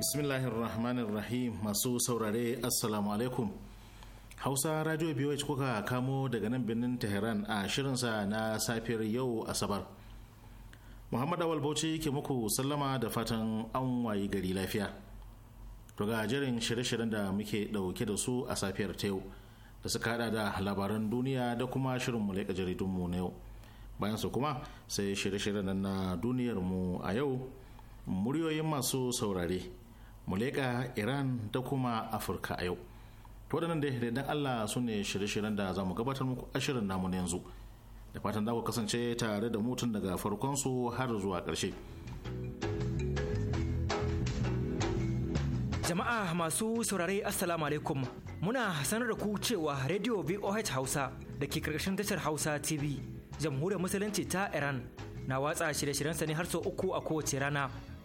Bismillahirrahmanirrahim masu saurare Assalamu alaikum. Hausa Radio BOH kuka kamo daga nan birnin Tehran a shirinsa na safiyar yau Asabar. Muhammad Awal Bauchi ke muku sallama da fatan an wayi gari lafiya. To ga jerin shirye-shiryen da muke dauke da su a safiyar ta yau da suka hada da labaran duniya da kuma shirin mu leƙa jaridunmu na yau. Bayan su kuma sai shirye-shiryen na duniyar mu a yau muryoyin masu saurare. mu leƙa iran da kuma afirka a yau to waɗannan dai da allah su ne shirye-shiryen da za mu gabatar muku ashirin namu na yanzu da fatan da ku kasance tare da mutum daga farkon su har zuwa ƙarshe jama'a masu saurare assalamu alaikum muna sanar da ku cewa radio voh hausa da ke karkashin tashar hausa tv jamhuriyar musulunci ta iran na watsa shirye-shiryen Sani har sau uku a kowace rana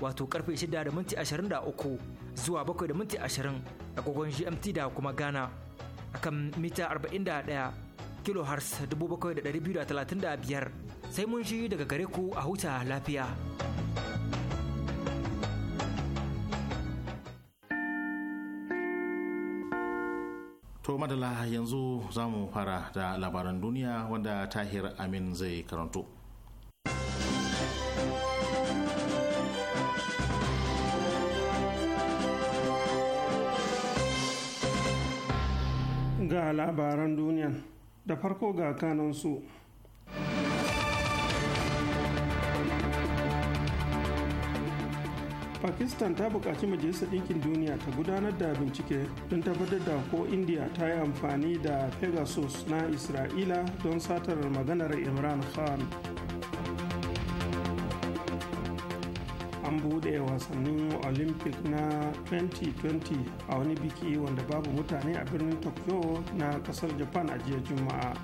wato karfe 6 da minti 23 zuwa 7 da minti 20 agogon GMT da kuma Ghana kan mita 41 kilohertz 7,235 sai mun shi daga gare ku a huta lafiya. To madala yanzu za mu fara da labaran duniya wanda tahir amin zai karanto. ga labaran duniya da farko ga kanansu pakistan ta buƙaci majalisar ɗinkin duniya ta gudanar da bincike don tabbatar da ko india ta yi amfani da pegasus na isra'ila don satar maganar imran khan an bude wasannin olympic na 2020 a wani biki wanda babu mutane a birnin tokyo na kasar japan a jiya juma'a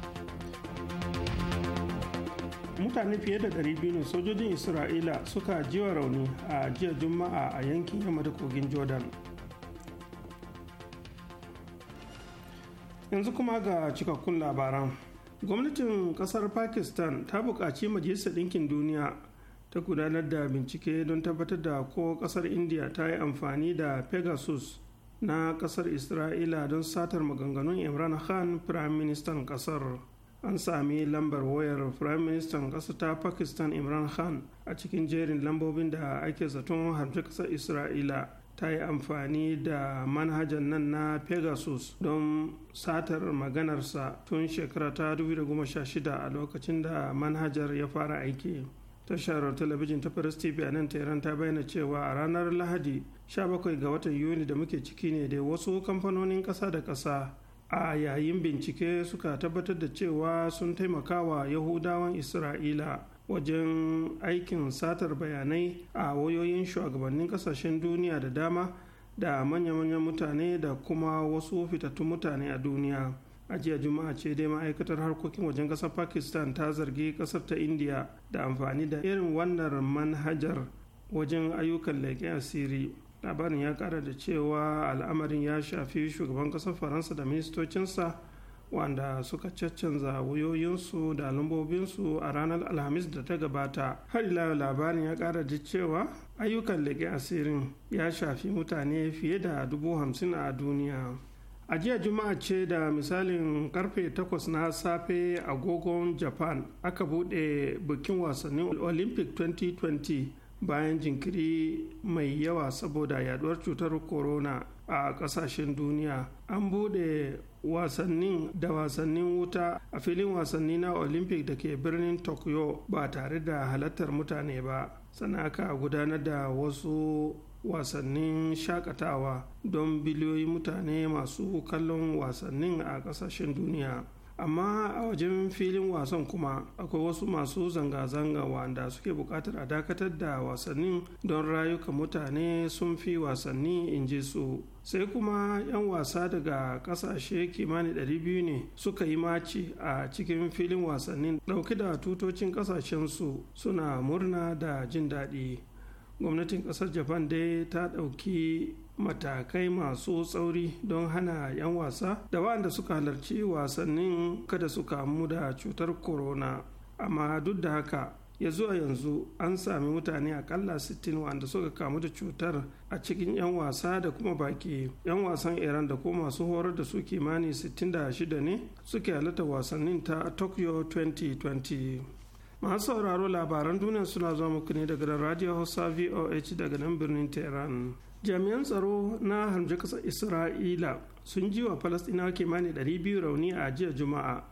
mutane fiye da 200 sojojin isra'ila suka jiwa rauni a jiya juma'a a yankin yamma da kogin jordan yanzu kuma ga cikakkun labaran gwamnatin kasar pakistan ta buƙaci majalisar ɗinkin duniya ta gudanar da bincike don tabbatar da ko kasar india ta yi amfani da pegasus na kasar isra'ila don satar maganganun imran khan prime minister kasar an sami lambar wayar prime minister kasar ta pakistan imran khan a cikin jerin lambobin da ake zaton harfi kasar isra'ila ta yi amfani da manhajan nan na pegasus don satar maganarsa tun shekara ta 2016 a lokacin da manhajar ya fara aiki. tashar talabijin ta Paris TV a nan Tehran ta bayyana cewa a ranar Lahadi 17 ga watan Yuni da muke ciki ne da wasu kamfanonin kasa da kasa a yayin bincike suka tabbatar da cewa sun taimakawa Yahudawan Isra'ila wajen aikin satar bayanai a wayoyin shugabannin kasashen duniya da dama da manya-manyan mutane da kuma wasu fitattun mutane a duniya. a jiya juma'a ce dai ma'aikatar harkokin wajen ƙasar pakistan ta zargi ƙasar ta indiya da amfani da irin wannan manhajar wajen ayyukan leƙen asiri labarin ya ƙara da cewa al'amarin ya shafi shugaban ƙasar faransa da ministocinsa wanda suka caccanza wuyoyinsu da lambobinsu a ranar alhamis da ta gabata har ila labarin ya kara da cewa ayyukan leƙen asirin ya shafi mutane fiye da dubu hamsin a duniya a jiya juma'a ce da misalin karfe 8 na safe agogon japan aka bude bikin wasannin olympic 2020 bayan jinkiri mai yawa saboda yaduwar cutar corona a kasashen duniya an bude wasannin da wasannin wuta a filin wasanni na olympic da ke birnin tokyo ba tare da halartar mutane ba sana'aka aka gudanar da wasu wasannin shakatawa don biliyoyi mutane masu kallon wasannin a kasashen duniya amma a wajen filin wasan kuma akwai wasu masu zanga-zanga wanda suke buƙatar a dakatar da wasannin don rayuka mutane sun fi wasanni in ji su sai kuma 'yan wasa daga ƙasashe kimanin 200 ne suka yi maci a cikin filin wasannin ɗauki da tutocin ƙasashensu suna murna da jin daɗi gwamnatin kasar japan dai ta ɗauki matakai masu tsauri don hana 'yan wasa da waɗanda suka halarci wasannin kada su kamu da cutar corona amma duk da haka ya zuwa yanzu an sami mutane akalla 60 wanda suka kamu da cutar a cikin 'yan wasa da kuma baki 'yan wasan iran da kuma masu horar da su kimani 66 ne suke halatta wasannin ta tokyo 2020 masu sauraro labaran duniya suna zuwa muku ne daga radio hausa voh daga nan birnin tehran jami'an tsaro na harmje kasar isra'ila sun ji wa falastinawa kimanin 200 rauni a jiya juma'a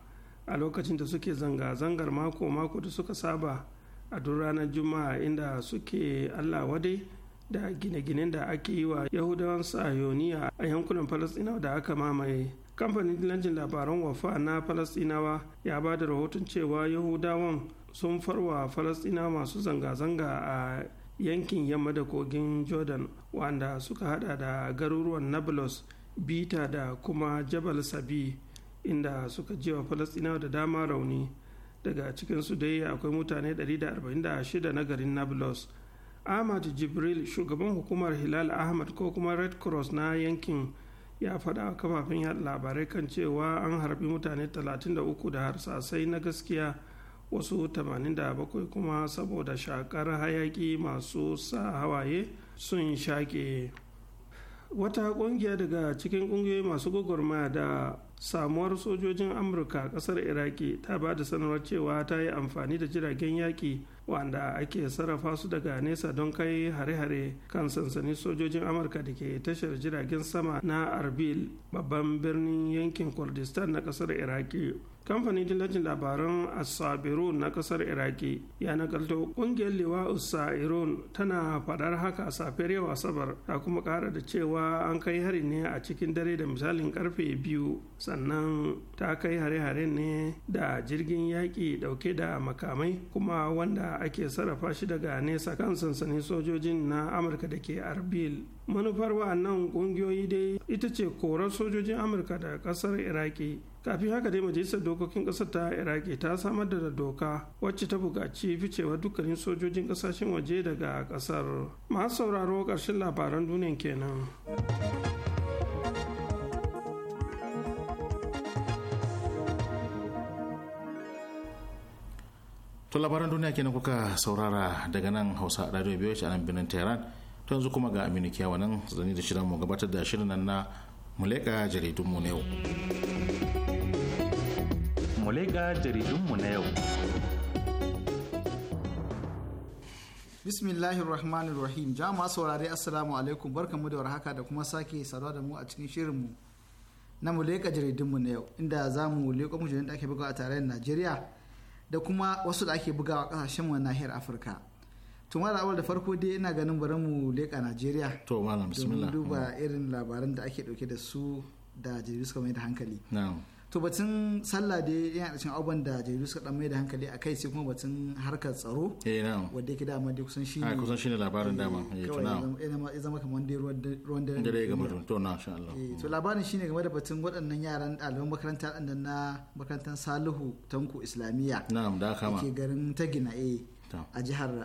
a lokacin da suke zanga-zangar mako-mako da suka saba a duk ranar juma'a inda suke allah wadai da gine-ginen da ake yi wa yahudawan sayoniya a yankunan falastinawa da aka mamaye kamfanin lanjin labaran wafa na falastinawa ya ba da rahoton cewa yahudawan sun farwa falastina masu zanga-zanga a yankin yamma da kogin jordan wanda suka hada da garuruwan nablus bita da kuma jabal sabi inda suka jewa falastinawa da dama rauni daga cikinsu dai akwai mutane 146 na garin nablus ahmad jibril shugaban hukumar hilal ahmad ko kuma red cross na yankin ya faɗa a kafafen yaɗa labarai kan cewa an harbi mutane 33 da harsasai na gaskiya wasu 87 kuma saboda shakar hayaki masu sa hawaye sun shaƙe wata ƙungiya daga cikin ƙungiyoyi masu gwagwarmaya da samuwar sojojin amurka ƙasar iraki ta ba da sanarwar cewa ta yi amfani da jiragen yaƙi wanda ake sarrafa su daga nesa don kai hare-hare kan sansanin sojojin amurka da ke tashar jiragen sama na arbil babban birnin yankin kurdistan na kasar iraki kamfanin dillacin labaran asabirun na kasar iraki ya nakalto kungiyar lewa usairun tana fadar haka a safiyar yau asabar ta kuma kara da cewa an kai hari ne a cikin dare da misalin karfe biyu sannan ta kai hare-hare ne da jirgin yaƙi dauke da makamai kuma wanda ake sarrafa shi daga nesa kan sansanin sojojin na amurka da ke arbil manufar wa'annan kungiyoyi dai ita ce korar sojojin amurka da kasar iraki kafin haka dai majalisar dokokin kasar ta iraki ta samar da doka wacce ta buƙaci ficewa dukkanin sojojin kasashen waje daga kasar masu sauraro karshen labaran duniya kenan to labaran duniya kenan kuka saurara daga nan hausa radio biyu a nan birnin tehran to yanzu kuma ga aminu kiyawa nan zane da shirin mu gabatar da shirin nan na muleka jaridunmu na yau ga jaridunmu na yau. bismillahir rahmanir rahim jama saurare assalamu alaikum barkamu da warhaka da kuma sake saduwa da mu a cikin shirinmu na jaridun jaridunmu na yau inda za mu leƙo mujalin da ake bugawa a tarayyar najeriya da kuma wasu da ake bugawa kasashen mu nahiyar afirka to mala awal da farko dai ina ganin bari mu leka najeriya to bismillah duba mm. irin labaran da ake dauke da su da jaridu suka mai da hankali na'am to batun sallah dai yana da cikin abubuwan da jaridu suka dan mai da hankali akai sai kuma batun harkar tsaro eh na wanda yake dama dai kusan shine ah, kusan shine labarin eh, dama eh to na ya zama kamar dai ruwan da dare ga mutum to na insha Allah eh, to labarin shine game da batun waɗannan yaran ɗaliban makarantar ɗan nan na makarantar Salihu Tanko Islamiyya na'am da kama ke garin Tagina eh a jihar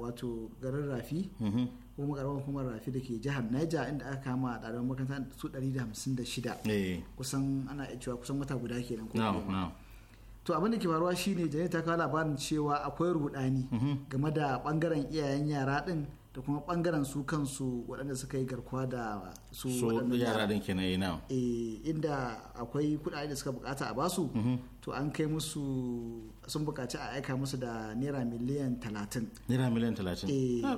wato garin Rafi mm-hmm. kuma karamar hukumar rafi da ke jihar Niger inda aka kama a ɗaliban makaranta su 156 eh. kusan ana iya cewa kusan wata guda kenan ko to abin da ke faruwa shine jane ta kawo labarin cewa akwai rudani mm-hmm. game da bangaren iyayen yara din da kuma bangaren su kansu waɗanda suka yi garkuwa da su waɗanda yara din kenan yana eh, eh, inda akwai kuɗaɗe da suka bukata a basu mm-hmm. to an kai musu sun bukaci a aika musu da naira miliyan talatin naira miliyan talatin ah.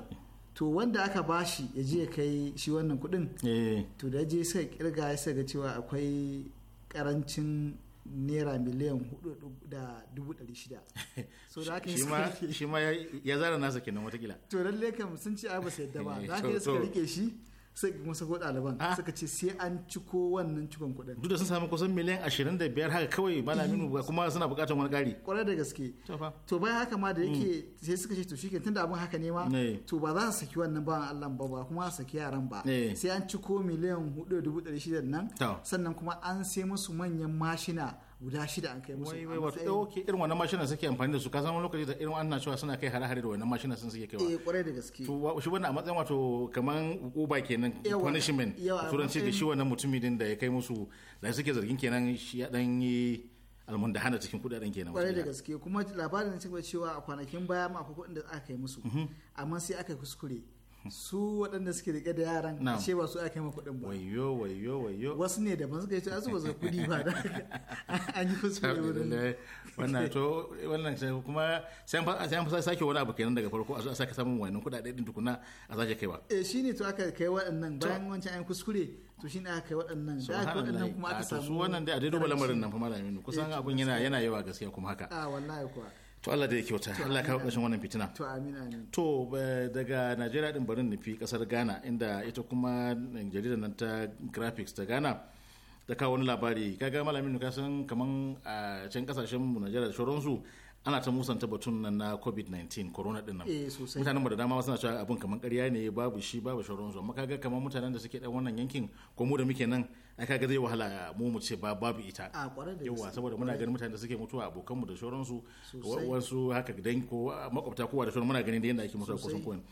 to wanda aka bashi ya je ya kai shi wannan kuɗin eh. to da je sai kirga ya ga cewa akwai karancin naira miliyan hudu da dubu dari shida so da aka yi shi ma ya zara nasa kenan watakila to lallai kam sun ce ai ba su yadda ba za ka yi suka rike shi sai kuma sako ɗaliban ah. suka ce sai an ciko wannan cikon kuɗin duk da sun samu kusan miliyan 25 haka kawai minu ba kuma suna buƙatar wani ƙari ƙwarar da gaske to bayan haka ma da mm. yake sai suka ce to shi tunda abin haka ne ma to ba za su saki wannan ba Allah ba ba kuma saki yaran ba sai an ciko miliyan 4,600 nan sannan kuma an sai musu manyan mashina guda shida an kai musu wai wai wato okay irin wannan mashina suke amfani da su ka zama lokaci da irin wannan cewa suna kai hare-hare da wannan mashina sun suke kaiwa eh kwarai da gaske to shi wannan a matsayin wato kaman uba kenan punishment turanci ga shi wannan mutumin din da ya kai musu da suke zargin kenan shi ya dan yi almun da hana cikin kudaden kenan kwarai da gaske kuma labarin ne cewa a kwanakin baya ma akwai kudin da aka kai musu mhm. amma sai aka kuskure su waɗanda suke rike da yaran a ce ba su aka yi kuɗin ba wayo wayo wayo wasu ne da suka yi to asu su kuɗi ba da an yi kuskure wurin wannan to wannan kuma sai an fasa sake wani abu kenan daga farko a zo a sake samun wani kuɗaɗe ɗin tukuna a sake ba. eh shine to aka kai waɗannan bayan wancan an kuskure to shine aka kai waɗannan da aka waɗannan kuma aka samu su wannan dai a daidai lamarin nan fa malamin kusan eh, abun yana yana yawa gaskiya kuma haka a ah, wallahi kuwa to Allah da ya kyauta Allah kawo ƙarshen wannan fitina to amina to daga Najeriya din barin nufi kasar Ghana inda ita kuma jaridar nan ta graphics ta Ghana ta kawo wani labari kaga malamin ka san kaman a can kasashen mu Najeriya da su ana ta musanta batun nan na covid-19 corona din nan eh, mutanen mu da dama suna cewa abun kaman ƙarya ne babu shi babu su amma kaga kaman mutanen da suke dan wannan yankin ko mu da muke nan ai kaga zai wahala mu mu ce ba babu ita yawa saboda muna ganin mutane da suke mutuwa abokanmu da shoransu wasu haka gidan ko makwabta kowa da shoran muna ganin da yadda ake mutuwa kusan kowane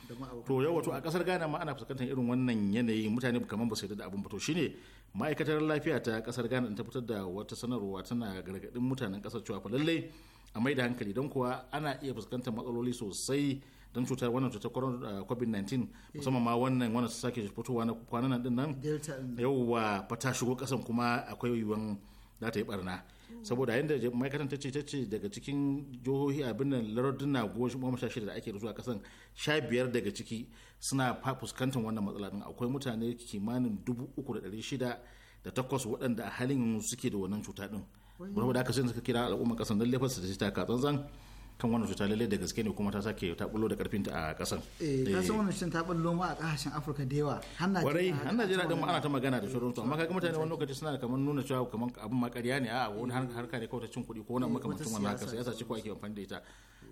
to yawa to a kasar Ghana ma ana fuskantar irin wannan yanayi mutane kamar ba su yarda da abin ba to shine ma'aikatar lafiya ta kasar Ghana ta fitar da wata sanarwa tana gargadin mutanen kasar cewa fa lallai a mai da hankali don kuwa ana iya fuskantar matsaloli sosai don cutar wannan cutar uh, covid-19 eh. musamman ma wannan wannan su sake fitowa na kwanan nan din nan yauwa fata ta shigo kasan kuma akwai yiwuwan za ta yi barna oh. saboda yadda ma'aikatan ta ce ta ce daga cikin jihohi abin nan larduna goma sha shida da ake da a kasan sha biyar daga ciki suna fuskantar wannan matsala din akwai mutane kimanin dubu uku da ɗari shida da takwas waɗanda a halin suke da wannan cuta din. Wani da aka sai suka kira al'ummar kasan don laifar su ta ka tsantsan kan wannan cuta lalle da gaske ne kuma ta sake ta bullo da karfinta a kasan eh ta san eh. wannan cuta ta bullo ma a kasashen Afirka da yawa warai har Najeriya din ana ta magana da shirin amma kaga mutane wani lokaci suna kamar nuna cewa kamar abin ma ƙarya ne a wani harka ne kawai ta cin kuɗi ko wani eh, makamantan wannan haka ya sace ko ake amfani da ita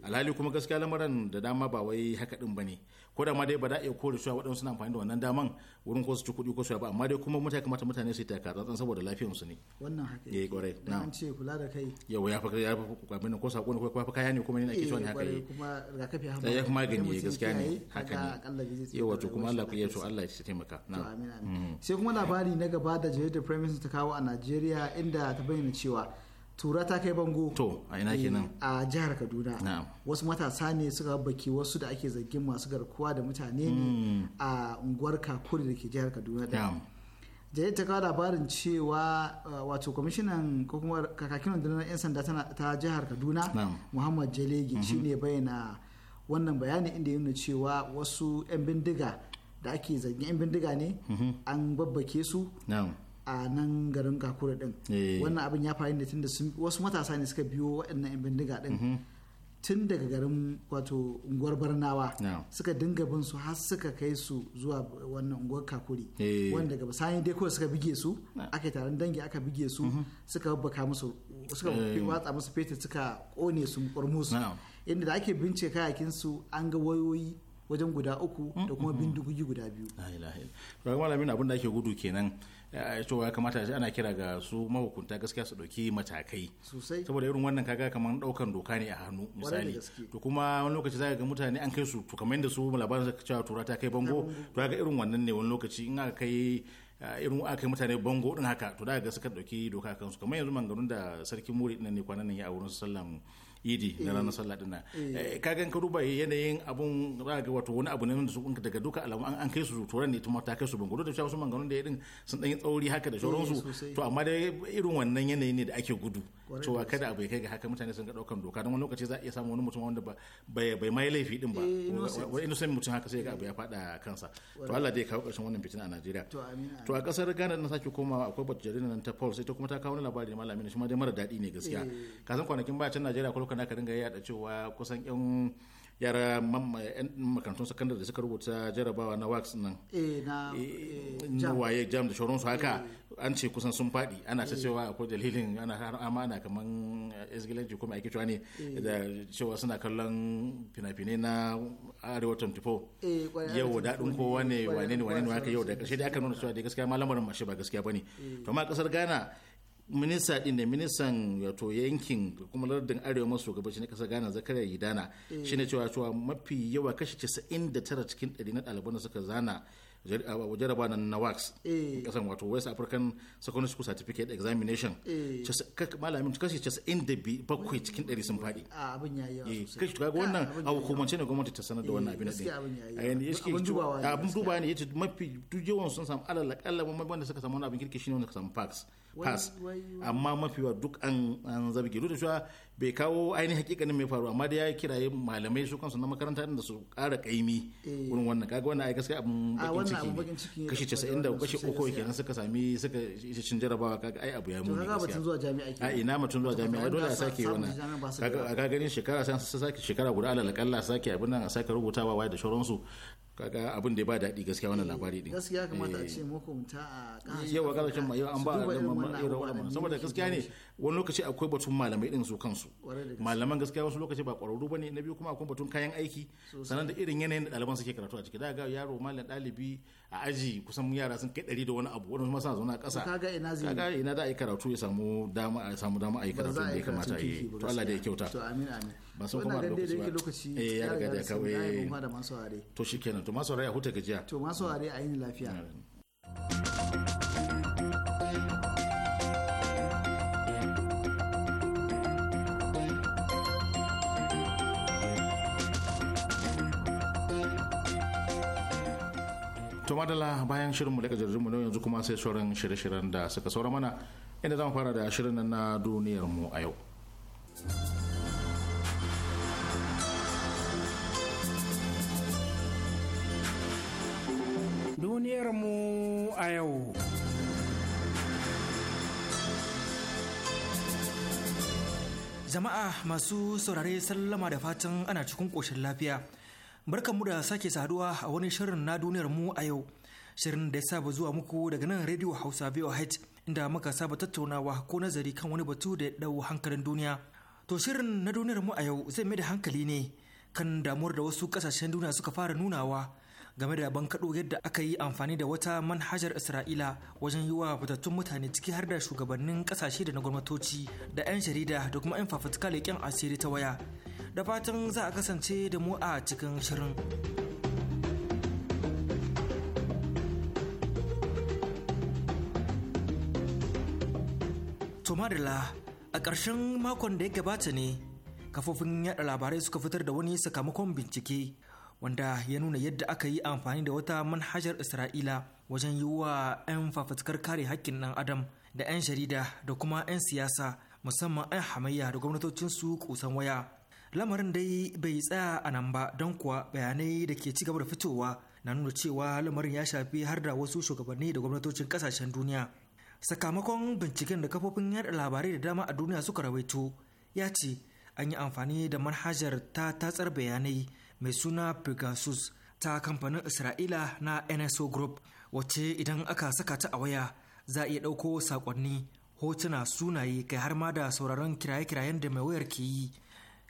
alhali kuma gaskiya lamarin da dama ba wai haka din bane ko da ma dai ba da iya kore cewa waɗansu suna amfani da wannan daman wurin ko su ci kuɗi ko su ba amma dai kuma mutane kamata mutane su yi taka tsantsan saboda lafiyar su ne wannan haka eh, yayi kwarai na an ce kula da kai yawa ya fi ya fa kwamin ko sako ne ko fa kaya ne kuma ne ake cewa ne haka eh, yi kuma rigakafi haka eh, ya kuma gani gaskiya ne haka ne yawa to kuma Allah ku yaso Allah ya taimaka na mm. sai kuma labari na gaba da jaridar Premises ta kawo a Najeriya inda ta bayyana cewa tura ta kai bango to a ina eh, kenan a jihar kaduna wasu matasa ne suka baki wasu da ake zargin masu garkuwa da mutane ne hmm. a unguwar kakuri da ke jihar kaduna da ta kawo labarin cewa uh, wato kwamishinan ko kuma kakakin rundunar 'yan sanda ta jihar kaduna muhammad jalegi mm-hmm. shi ne bayyana wannan bayani inda ya nuna cewa wasu 'yan bindiga da ake zargin 'yan bindiga ne mm-hmm. an babbake su a nan garin kakuri din eh. wannan abin ya faru ne tunda wasu matasa ne suka biyo waɗannan 'yan bindiga din mhm. tun daga garin wato unguwar barnawa suka dinga bin su har suka kai su zuwa wannan unguwar kakuri eh. wanda ga bisani dai kawai suka bige su aka taron dangi aka bige su mhm. suka babbaka musu suka eh. watsa musu fetur suka kone su kurmus inda da ake bince kayakin su an ga wayoyi wajen guda uku da kuma bindigogi guda biyu. Ragamalamin abin da ake gudu kenan Eh, to ya kamata ana kira ga su mahukunta gaskiya su dauki matakai sosai saboda irin wannan kaga kamar daukan doka ne a hannu misali to kuma wani lokaci zaka ga mutane an kai su to kamar yadda su labarin da cewa tura ta kai bango to ga irin wannan ne wani lokaci in aka kai eh, irin aka kai mutane bango din haka to da ga suka dauki doka kansu kamar yanzu mangarun da sarkin muri din ne kwanan nan ya a wurin sallan idi na ranar eh. sallah dinna eh. eh, ka kagan ka duba yanayin abun za wato wani abu ne da su daga duka alamu an kai su turan ne tuma ta kai su bango da wasu maganganun da irin sun dan yi tsauri haka da sauransu to amma dai irin wannan yanayi ne da ake gudu cewa kada abu ya kai ga haka mutane sun ga daukan doka dan wani lokaci za a iya samu wani mutum wanda ba bai mai laifi din ba wani innocent mutum haka sai ga abu ya fada kansa to Allah dai kawo karshen wannan fitina a Najeriya to a kasar Ghana na sake komawa akwai batu jaridar nan ta Paul sai ta kuma ta kawo wani labari malamin shi ma dai mara dadi ne gaskiya kasan kwanakin baya can Najeriya ayyukan aka dinga yada cewa kusan yan yara makarantun sakandare da suka rubuta jarabawa na wax nan eh, na eh, eh, waye jam da shauransu haka an ce kusan sun faɗi ana ta cewa akwai dalilin ana har amana kaman izgilanci kuma ake cewa ne da cewa suna kallon fina-finai na arewa 24 yau daɗin kowa ne wane ne wane ne haka yau da ƙarshe da aka nuna cewa da gaskiya ma lamarin mashi ba gaskiya ba ne to ma ƙasar ghana minista din ne ministan wato yankin kuma lardin arewa maso gabashi na kasar ghana zakaria yidana eh. shine cewa cewa mafi yawa kashi 99 cikin 100 na ɗaliban da suka zana jaraba na na wax eh. kasan wato west african secondary school certificate examination eh. malamin kashi casa'in da bakwai cikin ɗari sun faɗi ah, abin ya yi eh, kashi tukaga ah, wannan a hukumance ne gwamnati ta sanar da wannan abin a ya ɗin abin dubawa ne ya ce mafi dujewan sun samu kalla akalla wanda suka samu wani abin kirki shine wanda suka samu pass amma mafi wa duk an zabi duk da cewa bai kawo ainihin hakikanin mai faru amma da ya kiraye malamai su kansu na makaranta da su ƙara kaimi eh. wurin wannan kaga wannan ai gaskiya abun bakin ciki ne kashi 90 da kashi uku kenan suka sami suka cin jarabawa kaga ai abu ya mu ne a ina mutun zuwa jami'a dole a sake wannan kaga ganin shekara sai sake shekara guda alal kalla sake abin nan a sake rubutawa wai da shauransu kaga abin da ba daɗi gaskiya wannan labari din gaskiya kamata a eh. ce mahukunta a kasashen yawa kasashen ma yawa an ba irin wannan saboda gaskiya ne wani lokaci akwai batun malamai din su kansu malaman gaskiya wasu lokaci ba kwararru bane na biyu kuma akwai batun kayan aiki sannan da irin yanayin da ɗaliban suke karatu a ciki da yaro malam ɗalibi a aji kusan yara sun kai ɗari da wani abu wani masu zauna ƙasa kaga ina zai kaga ina da a yi karatu ya samu dama a samu dama a yi karatu da ya kamata a yi to Allah da ya kyauta to amin amin ba sun kuma lokaci ba lokaci eh ya riga da kawai to shikenan to masu ya huta gajiya to masu raya a yi lafiya to madala bayan shirin mu da gajarjin mu na yanzu kuma sai sauran shirye-shiryen da suka saura mana inda zamu fara da shirin na duniyarmu a yau duniyar a yau jama'a masu saurare sallama da fatan ana cikin koshin lafiya barkan mu da sake saduwa a wani shirin na duniyar mu a yau shirin da ya saba zuwa muku daga nan radio hausa voh inda muka saba tattaunawa ko nazari kan wani batu da ya dau hankalin duniya to shirin na duniyar mu a yau zai mai da hankali ne kan damuwar da wasu kasashen duniya suka fara nunawa game da bankaɗo yadda aka yi amfani da wata manhajar isra'ila wajen yi wa fitattun mutane ciki har da shugabannin kasashe da na gwamnatoci da 'yan jarida da kuma 'yan fafutuka leƙen asiri ta waya da fatan za a kasance da mu a cikin shirin. Tomarila a ƙarshen makon da ya gabata ne kafofin yada labarai suka fitar da wani sakamakon bincike wanda ya nuna yadda aka yi amfani da wata manhajar Isra'ila wajen yi wa 'yan fafatkar kare hakkin ɗan adam da 'yan jarida da kuma 'yan siyasa musamman 'yan hamayya da gwamnatocinsu kusan waya. lamarin dai bai tsaya a nan ba don kuwa bayanai da ke ci gaba da fitowa na nuna cewa lamarin ya shafi har da wasu shugabanni da gwamnatocin kasashen duniya sakamakon binciken da kafofin yada labarai da dama a duniya suka rawaito ya ce an yi amfani da manhajar ta tatsar bayanai mai suna pegasus ta kamfanin isra'ila na nso group wacce idan aka saka ta a waya za a iya ɗauko sakonni hotuna sunaye kai har ma da sauraron kiraye-kirayen da mai wayar ke yi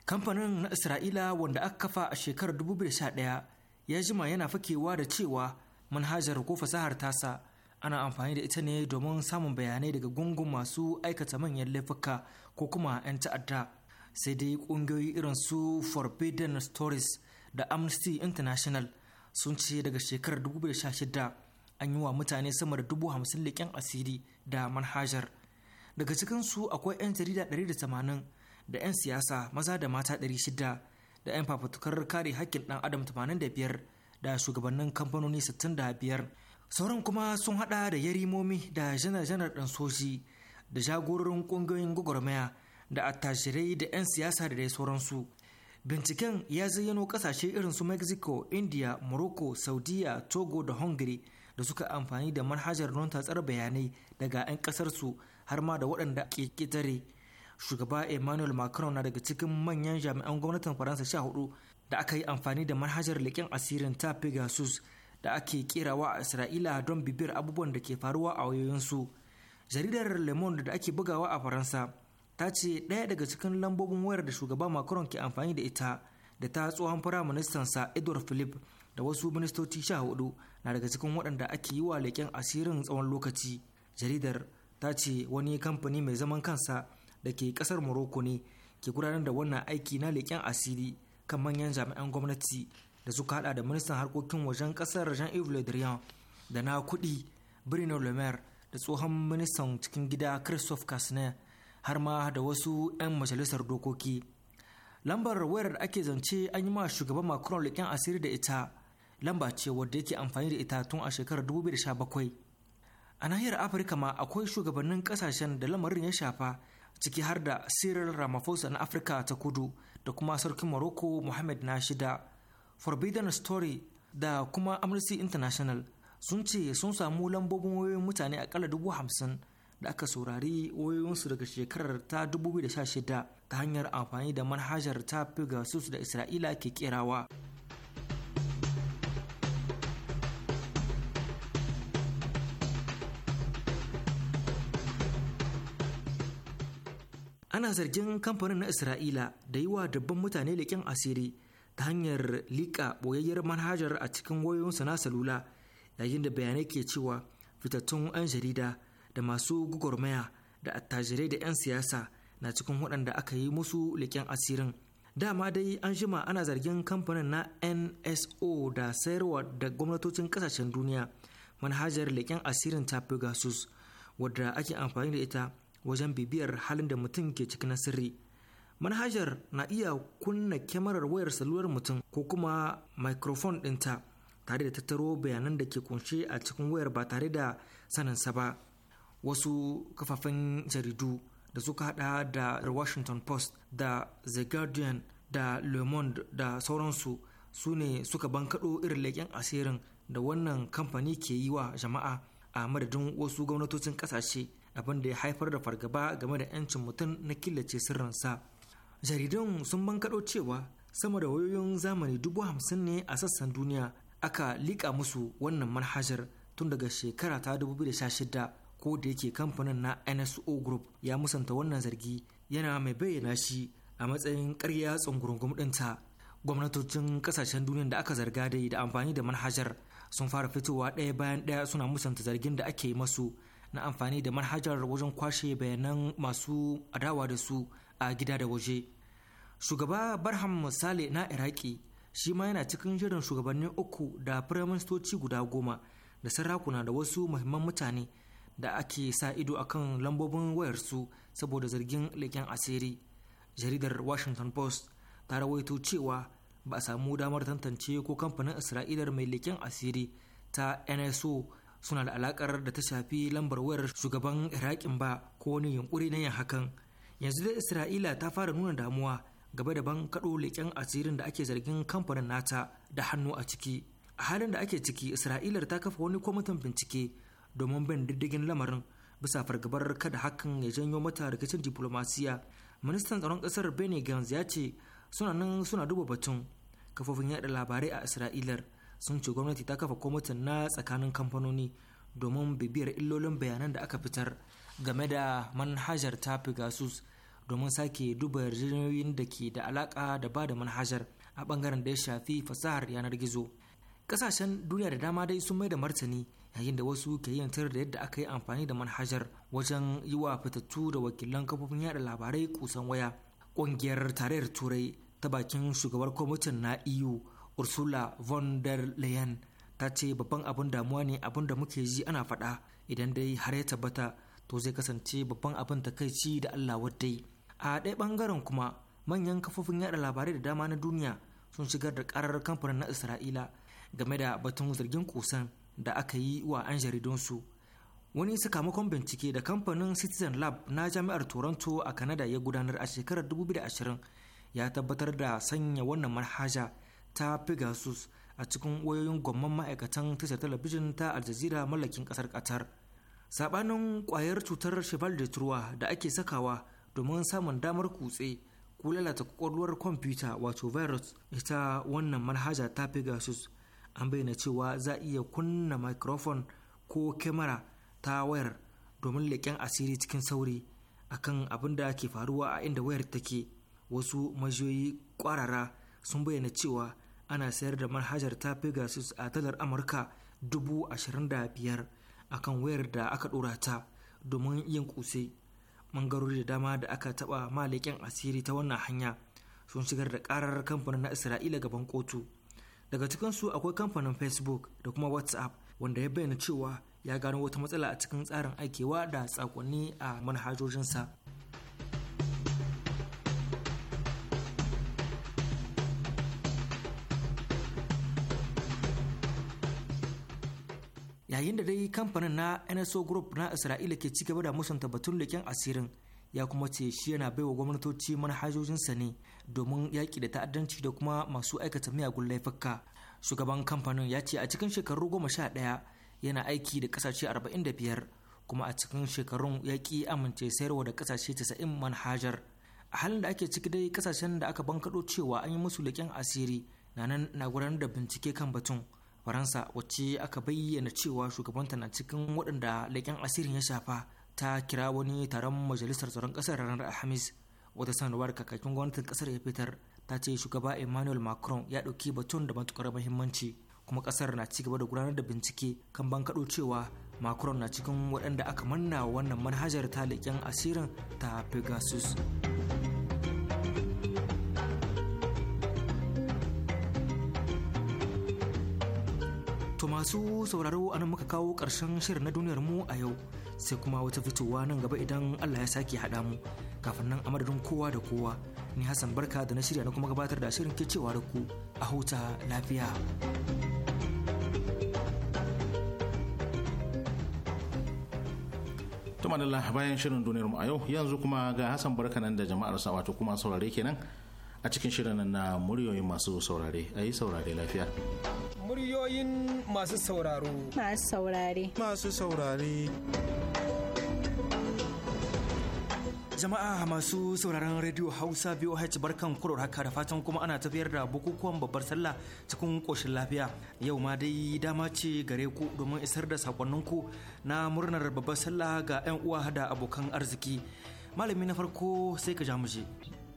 kamfanin na isra'ila wanda aka kafa a shekarar 2011 ya jima yana fakewa da cewa manhajar ko fasahar tasa ana amfani da ita ne domin samun bayanai daga gungun masu aikata manyan laifuka ko kuma 'yan ta'adda sai dai kungiyoyi irin su forbidden stories da amnesty international sun ce daga shekarar 2016 an yi wa mutane sama da dubu hamsin leƙen asiri da manhajar daga cikinsu akwai 'yan jarida 180 da 'yan siyasa maza da mata 600 da 'yan fafutukar kare haƙƙin ɗan adam 85 da shugabannin kamfanoni 65 sauran kuma sun hada da yarimomi da janar-janar ɗan soji da jagororin ƙungiyoyin gwagwarmaya da attajirai da 'yan siyasa da dai sauransu binciken ya zayyano kasashe irin su mexico india morocco saudiya togo da hungary da suka amfani da manhajar nuna tatsar bayanai daga 'yan kasarsu har ma da waɗanda ke ƙetare shugaba emmanuel macron na daga cikin manyan jami'an gwamnatin faransa sha hudu da aka yi amfani da manhajar leƙen asirin ta pegasus da ake kirawa a isra'ila don bibiyar abubuwan da ke faruwa a wayoyinsu jaridar le monde da ake bugawa a faransa ta ce ɗaya daga cikin lambobin wayar da shugaba macron ke amfani da ita da ta tsohon sa edward philip da wasu ministoci sha hudu na daga cikin waɗanda ake yi wa leƙen asirin tsawon lokaci jaridar ta ce wani kamfani mai zaman kansa da ke kasar morocco ne ke gudanar da wannan aiki na leƙen asiri kan manyan jami'an gwamnati da suka hada da ministan harkokin wajen kasar jean-yves le drian da na kudi bruno le maire da tsohon ministan cikin gida christophe casner har ma da wasu 'yan majalisar dokoki lambar wayar da ake zance an yi ma shugaban macron leƙen asiri da ita lamba ce wadda yake amfani da ita tun a shekarar 2017 a nahiyar afirka ma akwai shugabannin kasashen da lamarin ya shafa ciki har da Cyril Ramaphosa na Afirka ta kudu da kuma sarkin Morocco Mohammed na shida. Forbidden Story da kuma Amnesty International sun ce sun samu lambobin wayoyin mutane akalla dubu hamsin da aka saurari wayoyinsu daga shekarar ta 2016 ta hanyar amfani da manhajar ta Pegasus da Isra'ila ke kerawa. ana zargin kamfanin na isra'ila da yi wa dabban mutane leƙen asiri ta hanyar liƙa ɓoyayyar manhajar a cikin wayoyinsu na salula yayin da bayanai ke cewa fitattun 'yan jarida da masu gugurmaya da attajirai da 'yan siyasa na cikin waɗanda aka yi musu leƙen asirin dama dai an jima ana zargin kamfanin na nso da sayarwa da gwamnatocin ƙasashen duniya manhajar leƙen asirin ta pegasus wadda ake amfani da ita wajen bibiyar halin da mutum ke ciki na sirri manhajar na iya kunna kyamarar wayar salular mutum ko kuma microphone ɗinta tare da tattaro bayanan da ke kunshe a cikin wayar ba tare da saninsa ba wasu kafafen jaridu da suka hada da washington post da the guardian da le monde da sauransu su ne suka bankaɗo irin leƙen asirin da wannan kamfani ke yi wa jama'a a madadin wasu gwamnatocin ƙasashe abin da ya haifar da fargaba game da 'yancin mutum na killace sirrinsa jaridun sun bankaɗo cewa sama da wayoyin zamani dubu hamsin ne a sassan duniya aka liƙa musu wannan manhajar tun daga shekara ta 2016 ko da yake kamfanin na nso group ya musanta wannan zargi yana mai bayyana shi a matsayin ƙarya tsungurungum ɗinta gwamnatocin ƙasashen duniya da aka zarga dai da amfani da manhajar sun fara fitowa ɗaya bayan ɗaya suna musanta zargin da ake yi masu na amfani da manhajar wajen kwashe bayanan masu adawa da su a gida da waje shugaba barham misali na iraki shi ma yana cikin jiran shugabannin uku da firaministoci guda goma da sarakuna da wasu muhimman mutane da ake sa ido a kan lambobin wayarsu saboda zargin leken asiri jaridar washington post ta rawaito cewa ba a samu damar tantance ko kamfanin isra'ilar mai leken asiri ta nso suna da alakar da ta shafi lambar wayar shugaban iraƙin ba ko wani yunkuri na yin hakan yanzu dai isra'ila ta fara nuna damuwa gaba da ban kaɗo leƙen asirin da ake zargin kamfanin nata da hannu a ciki a halin da ake ciki isra'ilar ta kafa wani kwamitin bincike domin bin diddigin lamarin bisa fargabar kada hakan ya janyo mata rikicin diplomasiya ministan tsaron ƙasar benny gantz ya ce suna nan suna duba batun kafofin yaɗa labarai a isra'ilar sun ce gwamnati ta kafa kwamitin na tsakanin kamfanoni domin bibiyar illolin bayanan da aka fitar game da manhajar ta pegasus domin sake duba yarjejeniyoyin da ke da alaka da ba da manhajar a bangaren da ya shafi fasahar yanar gizo kasashen duniya da dama dai sun mai da martani yayin da wasu ke yin da yadda aka yi amfani da manhajar wajen yi wa fitattu da wakilan kafofin yada labarai kusan waya ƙungiyar tarayyar turai ta bakin shugabar kwamitin na eu ursula von der leyen ta ce babban abin damuwa ne abin da muke ji ana faɗa idan dai har ya tabbata to zai kasance babban abin takaici da allah waddai a ɗaya bangaren kuma manyan kafofin yada labarai da dama na duniya sun shigar da karar kamfanin na isra'ila game da batun zargin kusan da aka yi wa 'yan su wani sakamakon bincike da kamfanin citizen lab na jami'ar toronto a canada ya gudanar a shekarar 2020 ya tabbatar da sanya wannan manhaja ta pegasus a cikin wayoyin gwamman ma'aikatan tashar talabijin ta aljazira mallakin kasar qatar sabanin kwayar cutar cheval de troyes da ake sakawa domin samun damar kutse ko lalata kwakwalwar kwamfuta wato virus ita wannan manhaja ta pegasus an bayyana cewa za iya kunna microphone ko kyamara ta wayar domin leƙen asiri cikin sauri akan abin da ke faruwa a inda wayar take wasu majiyoyi kwarara sun bayyana cewa ana sayar da manhajar ta pegasus a dalar amurka dubu ashirin da biyar a kan wayar da aka ɗorata ta domin yin kuse ɓangarori da dama da aka taɓa malikin asiri ta wannan hanya sun shigar da ƙarar kamfanin na isra'ila gaban kotu daga cikinsu akwai kamfanin facebook da kuma whatsapp wanda ya bayyana cewa ya gano wata matsala a cikin tsarin aikewa da tsakoni a manhajojinsa yayin dai kamfanin na nso group na isra'ila ke cigaba da musanta batun leƙen asirin ya kuma ce shi yana baiwa gwamnatoci manhajojinsa ne domin yaƙi da ta'addanci da kuma masu aikata miyagun laifuka shugaban kamfanin ya ce a cikin shekaru goma sha ɗaya yana aiki da ƙasashe arba'in da biyar kuma a cikin shekarun ya amince sayarwa da ƙasashe casa'in manhajar a halin da ake ciki dai ƙasashen da aka bankaɗo cewa an yi musu leƙen asiri na nan na gudanar da bincike kan batun faransa wacce aka bayyana cewa shugabanta na cikin waɗanda leƙen asirin ya shafa ta kira wani taron majalisar tsaron ƙasar ranar alhamis wata sanarwar kakakin gwamnatin ƙasar ya fitar ta ce shugaba emmanuel macron ya ɗauki batun da matukar muhimmanci kuma ƙasar na ci gaba da gudanar da bincike kan bankaɗo cewa macron na cikin waɗanda aka manna wannan manhajar ta leƙen asirin ta pegasus masu sauraro anan muka kawo ƙarshen shirin na duniyar mu a yau sai kuma wata fitowa nan gaba idan Allah ya sake haɗa mu kafin nan a madadin kowa da kowa ni Hassan barka da na shirya na kuma gabatar da shirin ke cewa da ku a huta lafiya. Tumanillah bayan shirin duniyar mu a yau yanzu kuma ga Hassan barka nan da jama'ar sa wato kuma saurare kenan a cikin shirin na muryoyin masu saurare a yi saurare lafiya muryoyin masu sauraro masu saurare masu saurare jama'a masu sauraron rediyo hausa voh barkan kurar haka da fatan kuma ana tafiyar da bukukuwan babbar sallah cikin koshin lafiya yau ma dai dama ce gare ku domin isar da sakonninku na murnar babbar sallah ga 'yan uwa da abokan arziki malami na farko sai ka ja muje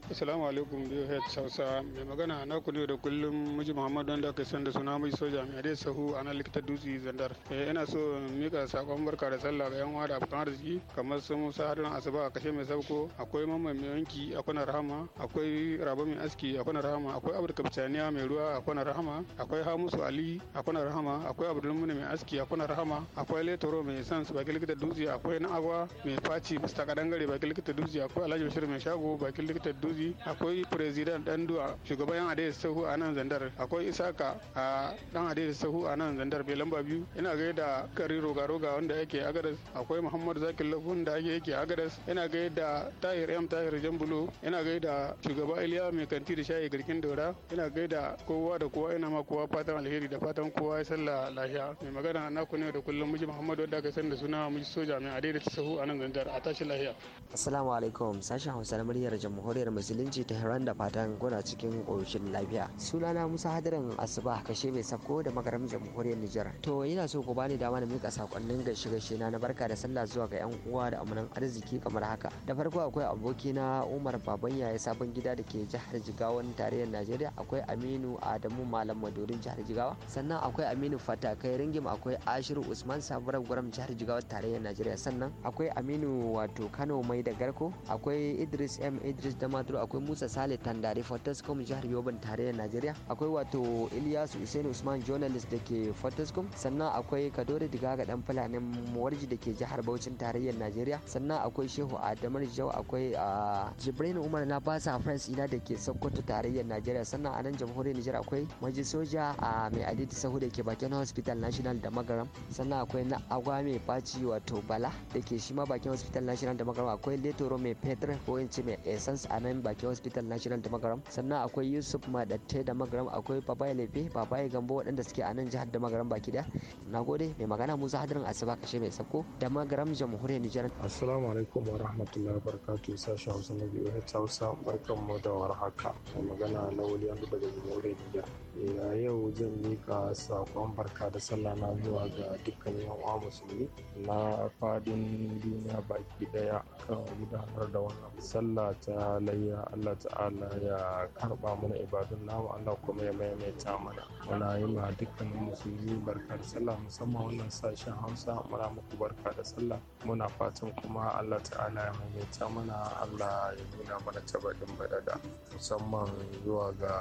Assalamu alaikum BOH Hausa mai magana na ku ne da kullum miji Muhammad wanda aka san da suna mai soja mai dai sahu a nan likita dutse zandar. Eh, ina so mika sakon barka da sallah ga yan uwa da abokan arziki kamar su Musa Haruna Asuba a kashe mai sabko akwai Mamman mai yanki a kwana rahama akwai Rabo mai aski a kwana rahama akwai Abdul Kapitaniya mai ruwa a kwana rahama akwai hamusu Ali a kwana rahama akwai Abdul Mumin mai aski a kwana rahama akwai Letoro mai sans bakin likita dutse akwai agwa mai faci Mr. Kadangare bakin likita dutse akwai Alhaji Bashir mai shago bakin likita dutse sojoji akwai president dan duwa shugaban yan adai sahu a nan zandar akwai isaka a dan adai sahu a nan zandar bai lamba biyu ina gaida da kari roga roga wanda yake agadas akwai muhammad zakir lafun da ake yake agadas ina gaida da tahir m tahir jambulo ina gaida da shugaba iliya mai kanti da shayi garkin dora ina gaida kowa da kowa ina ma kowa fatan alheri da fatan kowa ya sallah lafiya mai magana na ku ne da kullum miji muhammad wanda aka sani da suna miji soja mai adai da sahu a nan zandar a tashi lafiya assalamu alaikum sashen hausa na muryar jamhuriyar musulunci Tehran da fatan kuna cikin ƙoshin lafiya. Sunana Musa Hadirin Asuba kashe mai safko da makaram jamhuriyar Nijar. To yana so ku bani dama na mika sakonnin gaishe gaishe na na barka da sallah zuwa ga yan uwa da amanan arziki kamar haka. Da farko akwai abokina Umar Baban Yaya sabon gida da ke jihar Jigawan tarayyar Najeriya akwai Aminu Adamu Malam Madorin jihar Jigawa sannan akwai Aminu Fatakai Ringim akwai Ashiru Usman Sabuwar Gwaram jihar Jigawa tarayyar Najeriya sannan akwai Aminu wato Kano Mai da Garko akwai Idris M Idris da Damaturu Zuru akwai Musa Sale Tandare Fortescom jihar Yobin, tarayyar Najeriya akwai wato Ilyasu Hussein Usman journalist da ke Fortescom sannan akwai Kadori Digaga dan Fulani Muwarji da ke jihar Bauchin tarayyar Najeriya sannan akwai Shehu Adamar Jau akwai ah, Jibrin Umar na Basa France ina da ke Sokoto tarayyar Najeriya sannan a nan jamhuriyar Nijar akwai Maji Soja a ah, Mai Aditi Sahu da ke bakin Hospital National da Magaram sannan akwai na Agwa Mai Baci wato Bala da ke shi ma bakin Hospital National da Magaram akwai Letoro Mai Petr ko in ce Mai Essence a nan bakin hospital national da magaram sannan akwai yusuf madatte da magaram akwai babaye lefe babaye gambo waɗanda suke a nan jihar da magaram baki daya na mai magana mu musa hadirin asuba kashe mai sako da magaram jamhuriyar nijar assalamu alaikum wa rahmatullahi barakatu sashen hausa na biyu na tausa barkan mu da warhaka mai magana na wuli yanzu daga jamhuriyar nijar eh, a yau zan mika sakon barka da sallah na zuwa ga dukkanin yan uwa musulmi na fadin duniya baki daya kan gudanar da wannan sallah ta layya ya Allah ta'ala ya karba mana ibadun namu Allah kuma ya maimaita mana muna yi ma dukkanin musulmi barka da sallah musamman wannan sashen Hausa muna muku barka da sallah muna fatan kuma Allah ta'ala ya maimaita mana Allah ya nuna mana tabbatin badada musamman zuwa ga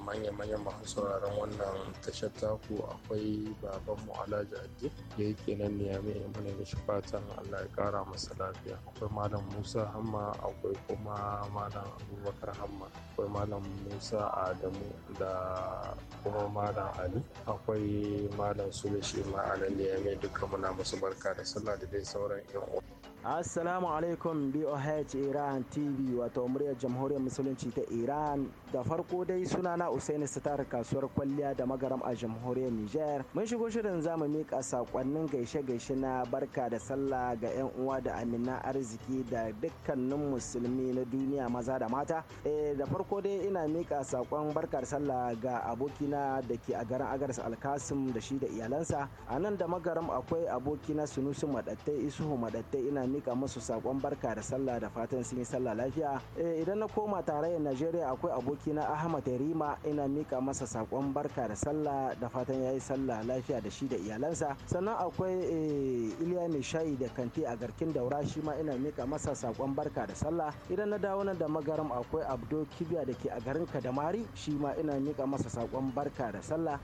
manya-manyan masu sauraron wannan tashar taku akwai babanmu Alhaji Addi da yake nan ne ya mana da shi fatan Allah ya kara masa lafiya akwai malam Musa Hamma akwai kuma malam abubakar hamma akwai malam musa adamu da kuma malam ali akwai malam sule shi ma'anan da mai duka muna musu barka da sallah da dai sauran yan Assalamu alaikum BOH Iran TV wato muryar jamhuriyar musulunci ta Iran da farko dai sunana Usaini Sitar kasuwar kwalliya da magaram a jamhuriyar Niger. Mun shigo shirin zamu mika sakonnin gaishe-gaishe na barka da sallah ga 'yan uwa da amina arziki da dukkanin musulmi na duniya maza da mata. E, da farko dai ina miƙa saƙon barka da sallah ga abokina da ke a garin Agaris Alkasim da shi da iyalansa. A nan da magaram akwai abokina Sunusi maɗattai Isuhu maɗattai ina mika musu sakon barka da sallah da fatan sun yi sallah lafiya eh, idan na koma tarayyar najeriya akwai abokina ahmad rima ina mika masa sakon barka da sallah da fatan ya yi sallah lafiya da shi da iyalansa sannan akwai eh, iliya mai shayi da kanti a garkin daura shi ma ina mika masa sakon barka da sallah idan na dawo nan da magaram akwai abdo kibiya da ke a garin kadamari shi ma ina mika masa sakon barka da sallah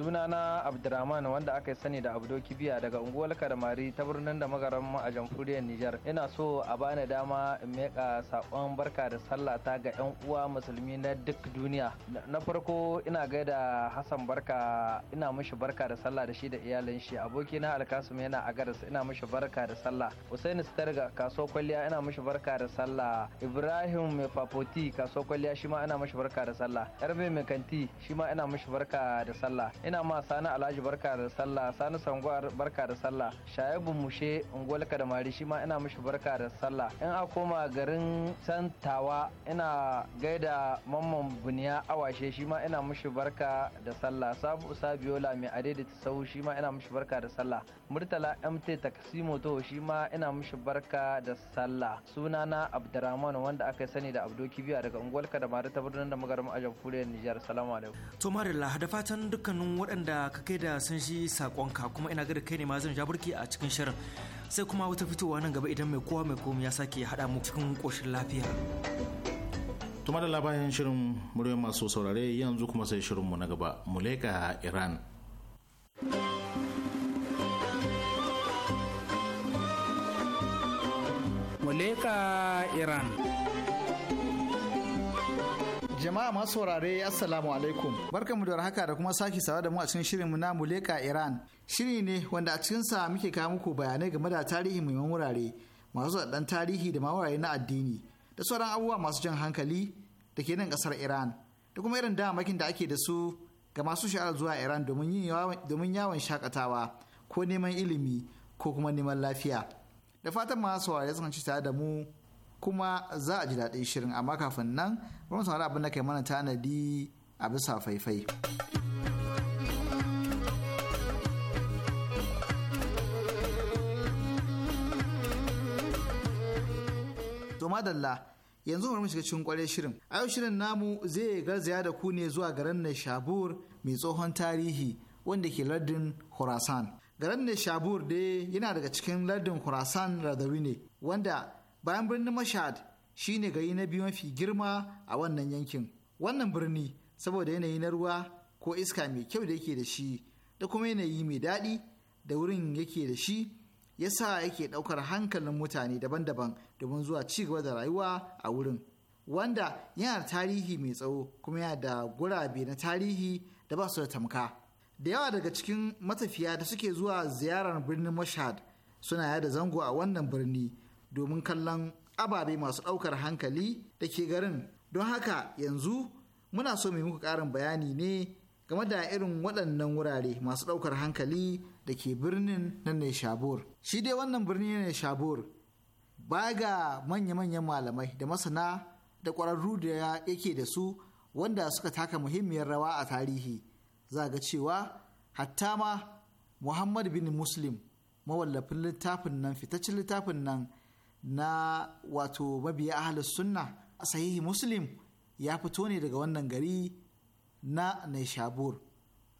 sunana abdurrahman wanda aka sani da doki biya daga unguwar karamari ta birnin da magaran a jamhuriyar nijar ina so a bani dama in meka sakon barka da sallah ta ga yan uwa musulmi na duk duniya na farko ina gaida hassan barka ina mishi barka da sallah da shi da iyalin shi aboki na alkasum yana a garas ina mishi barka da sallah usaini starga kaso kwalliya ina mishi barka da sallah ibrahim mai fafoti kaso kwalliya shi ma ina mishi barka da sallah yarbe mai kanti shi ma ina mishi barka da sallah ina ma sani alhaji barka da sallah sani sangwar barka da sallah shayabu mushe ungwal kadamari shi ma ina mishi barka da sallah in a koma garin santawa ina gaida mamman buniya awashe shi ma ina mishi barka da sallah sabu biola mai adede ta sau shi ma ina mishi barka da sallah murtala mt taksimo to shi ma ina mishi barka da sallah sunana abdurrahman wanda aka sani da abdo kibiya daga ungwal kadamari ta birnin da magaram a jamhuriyar nijar salamu alaikum to marilla da fatan dukkanin waɗanda ka kai da sun shi saƙonka kuma ina ga kai ne ma zan ja birki a cikin shirin sai kuma wata fitowa nan gaba idan mai kowa mai komi ya sake haɗa mu cikin ƙoshin lafiya. tuma da labarin shirin muryar masu saurare yanzu kuma sai shirin mu na gaba muleka iran muleka iran Jama'a masu saurare Assalamu alaikum. Barkanmu da haka da kuma sake sawa da mu a cikin shirinmu na Muleka Iran. Shiri ne wanda a cikinsa muke kawo muku bayanai game da tarihi muhimman wurare, masu zaɗan tarihi da ma na addini, da sauran abubuwa masu jan hankali da ke nan ƙasar Iran, da kuma irin damakin da ake da su ga masu sha'ar zuwa Iran domin yawon shakatawa ko neman ilimi ko kuma neman lafiya. Da fatan masu saurare sun ci tare da mu kuma za a ji daɗin shirin amma kafin nan bari saurari abin da kai mana tanadi a bisa faifai. To madalla yanzu mu shiga cikin kwarai shirin. A yau shirin namu zai garzaya da ku ne zuwa garin Nishabur mai tsohon tarihi wanda ke lardin Khurasan. Garin Nishabur dai yana daga cikin lardin Khurasan Radawi ne wanda bayan birnin mashad shine gari na biyu mafi girma a wannan yankin wannan birni saboda yanayi na ruwa ko iska mai kyau da yake da shi da kuma yanayi mai daɗi da wurin yake da shi ya sa yake ɗaukar hankalin mutane daban-daban domin zuwa ci gaba da rayuwa a wurin wanda yana da tarihi mai tsawo kuma yana da gurabe na tarihi da ba su da tamka da yawa daga cikin matafiya da suke zuwa ziyarar birnin mashad suna yada zango a wannan birni domin kallon ababe masu ɗaukar hankali da ke garin don haka yanzu muna so mai muku ƙarin bayani ne game da irin waɗannan wurare masu ɗaukar hankali da ke birnin na Neshabur. Shi dai wannan birni na Neshabur ba ga manya-manyan malamai da masana da ƙwararru da yake da su wanda suka taka muhimmiyar rawa a tarihi za ga cewa hatta ma Muhammad bin Muslim mawallafin littafin nan fitaccen littafin nan na wato mabiya ahalus sunna a sahihi muslim ya fito ne daga wannan gari na Naishabur.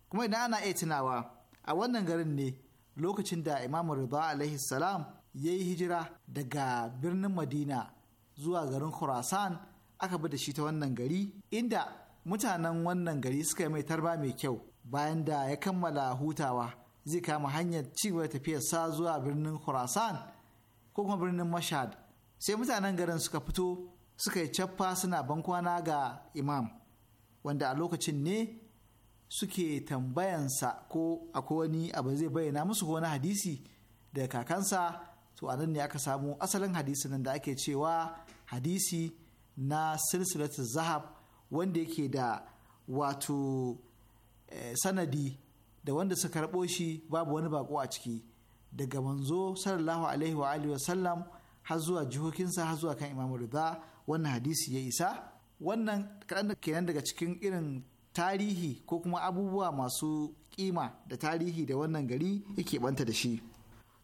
kuma idan ana iya tunawa a wannan garin ne lokacin da imamu rida alaihi salam ya yi hijira daga birnin madina zuwa garin khurasan aka bi da shi ta wannan gari inda mutanen wannan gari suka yi mai tarba mai kyau bayan da ya kammala hutawa zai kama hanyar cigaba tafiyarsa zuwa birnin khurasan ko kuma birnin mashad sai mutanen garin suka fito suka yi caffa suna bankwana ga imam wanda a lokacin ne suke tambayansa ko akwai wani abu zai bayyana musu ko wani hadisi daga kakansa to a nan ne aka samu asalin hadisi nan da ake cewa hadisi na silsilatu zahab wanda yake da wato eh, sanadi da wanda suka karɓo shi babu wani bako a ciki daga manzo sallallahu alaihi wa alihi wasallam har zuwa jihokinsa har zuwa kan imamu rida wannan hadisi ya isa wannan kaɗan kenan daga cikin irin tarihi ko kuma abubuwa masu kima da tarihi da wannan gari yake banta da shi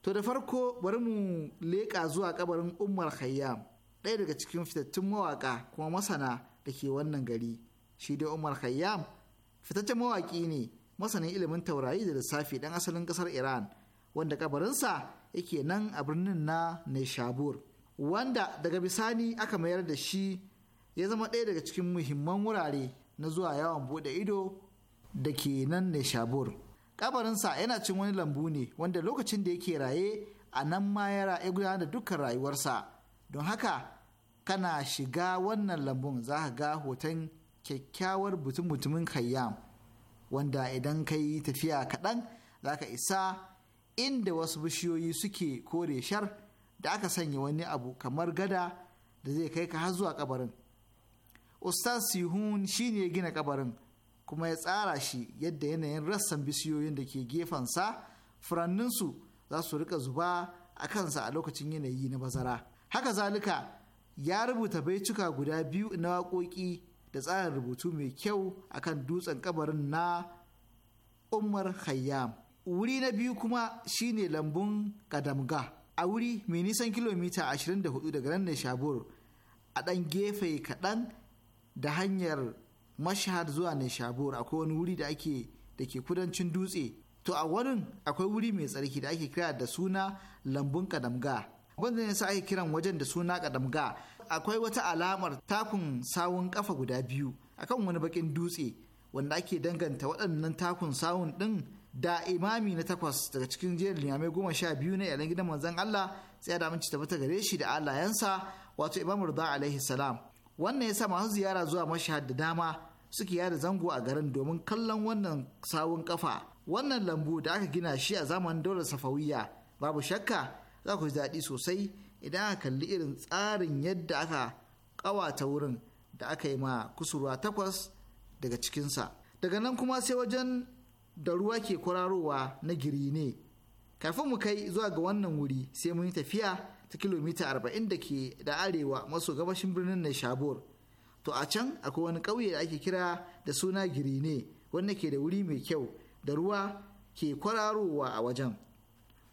to da farko bari mu leƙa zuwa kabarin ummar khayyam ɗaya daga cikin fitattun mawaƙa kuma masana da ke wannan gari shi dai umar khayyam fitaccen mawaƙi ne masanin ilimin taurari da lissafi ɗan asalin ƙasar iran wanda kabarinsa yake nan a birnin na Neshabur wanda daga bisani aka mayar da shi ya zama ɗaya daga cikin muhimman wurare na zuwa yawon buɗe ido da ke nan Neshabur kabarinsa yana cin wani lambu ne wanda lokacin da yake raye a nan ma ya gudanar da dukkan rayuwarsa don haka kana shiga wannan lambun za ka ga hoton kyakkyawar mutum-mutumin kayyam wanda idan ka yi tafiya kaɗan za ka isa inda wasu bishiyoyi suke kore shar da aka sanya wani abu kamar gada da zai kai ka har zuwa kabarin ustaz sihun shi ne ya gina kabarin kuma ya tsara shi yadda yanayin rassan bishiyoyin da ke gefensa furanninsu za su rika zuba a kansa a lokacin yanayi na bazara haka zalika ya rubuta baituka guda biyu na waƙoƙi da tsarin rubutu mai kyau akan dutsen kabarin na umar khayyam wuri na biyu kuma shine lambun kadamga a wuri mai nisan kilomita 24 daga nan nishabur a ɗan gefe kaɗan da hanyar mashahar zuwa nishabur akwai wani wuri da ake da ke kudancin dutse to a wurin akwai wuri mai tsarki da ake kira da suna lambun kadamga wanda ne ake kiran wajen da suna kadamga akwai wata alamar takun sawun kafa guda biyu akan wani bakin dutse wanda ake danganta waɗannan takun sawun ɗin da imami na takwas daga cikin jerin limamai goma sha biyu na yalan gidan manzan Allah sai da aminci tabbata gare shi da Allah yansa, wato Imam Rida alaihi salam wannan yasa masu ziyara zuwa mashahad da dama suke yada zango a garin domin kallon wannan sawun kafa wannan lambu da aka gina shi a zamanin daular safawiya babu shakka za ku ji daɗi sosai idan aka kalli irin tsarin yadda aka ƙawata wurin da aka yi ma kusurwa takwas daga cikinsa daga nan kuma sai wajen da ruwa ke kwararowa na giri ne kafin mu kai zuwa ga wannan wuri sai mun yi tafiya ta kilomita 40 da ke da arewa maso gabashin birnin Neshabur. To a can akwai wani ƙauye da ake kira da suna ne wanda ke da wuri mai kyau da ruwa ke kwararowa a wajen.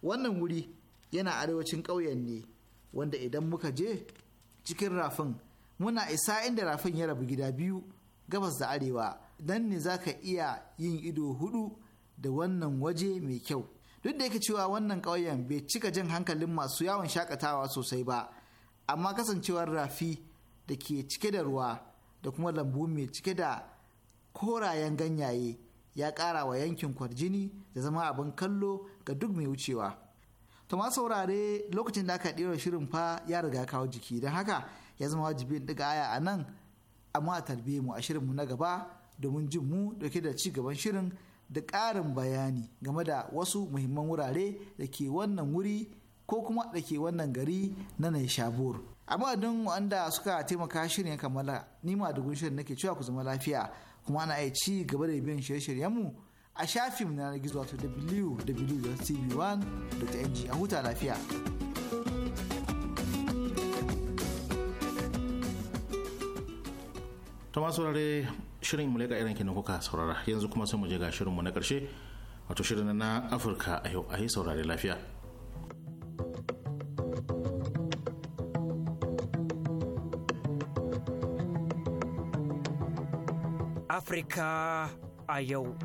Wannan wuri yana arewacin ƙauyen ne wanda idan muka je cikin rafin muna isa inda rafin ya rabu gida biyu gabas da arewa nan ne za ka iya yin ido hudu da wannan waje mai kyau duk da yake cewa wannan ƙauyen bai cika jin hankalin masu yawon shakatawa sosai ba amma kasancewar rafi da ke cike da ruwa da kuma lambu mai cike da korayen ganyaye ya ƙara wa yankin kwarjini da zama abin kallo ga duk mai wucewa to ma saurare lokacin da aka ɗera shirin fa ya riga kawo jiki don haka ya zama wajibi ɗiga aya a nan amma a tarbe mu a shirinmu na gaba domin jin mu dauke da ci gaban shirin da karin bayani game da wasu muhimman wurare da ke wannan wuri ko kuma da ke wannan gari na Naishabur. A madadin wanda suka taimaka shirin kammala ni ma dugun shirin nake cewa ku zama lafiya kuma ana iya ci gaba da biyan shirye-shiryenmu a shafin na gizo wato www.tv1.ng a huta lafiya. ta masu saurare shirin mu leka irin kenan kuka saurara yanzu kuma sai mu je ga mu na karshe wato shirin na afirka a yau a yi saurare lafiya afirka a yau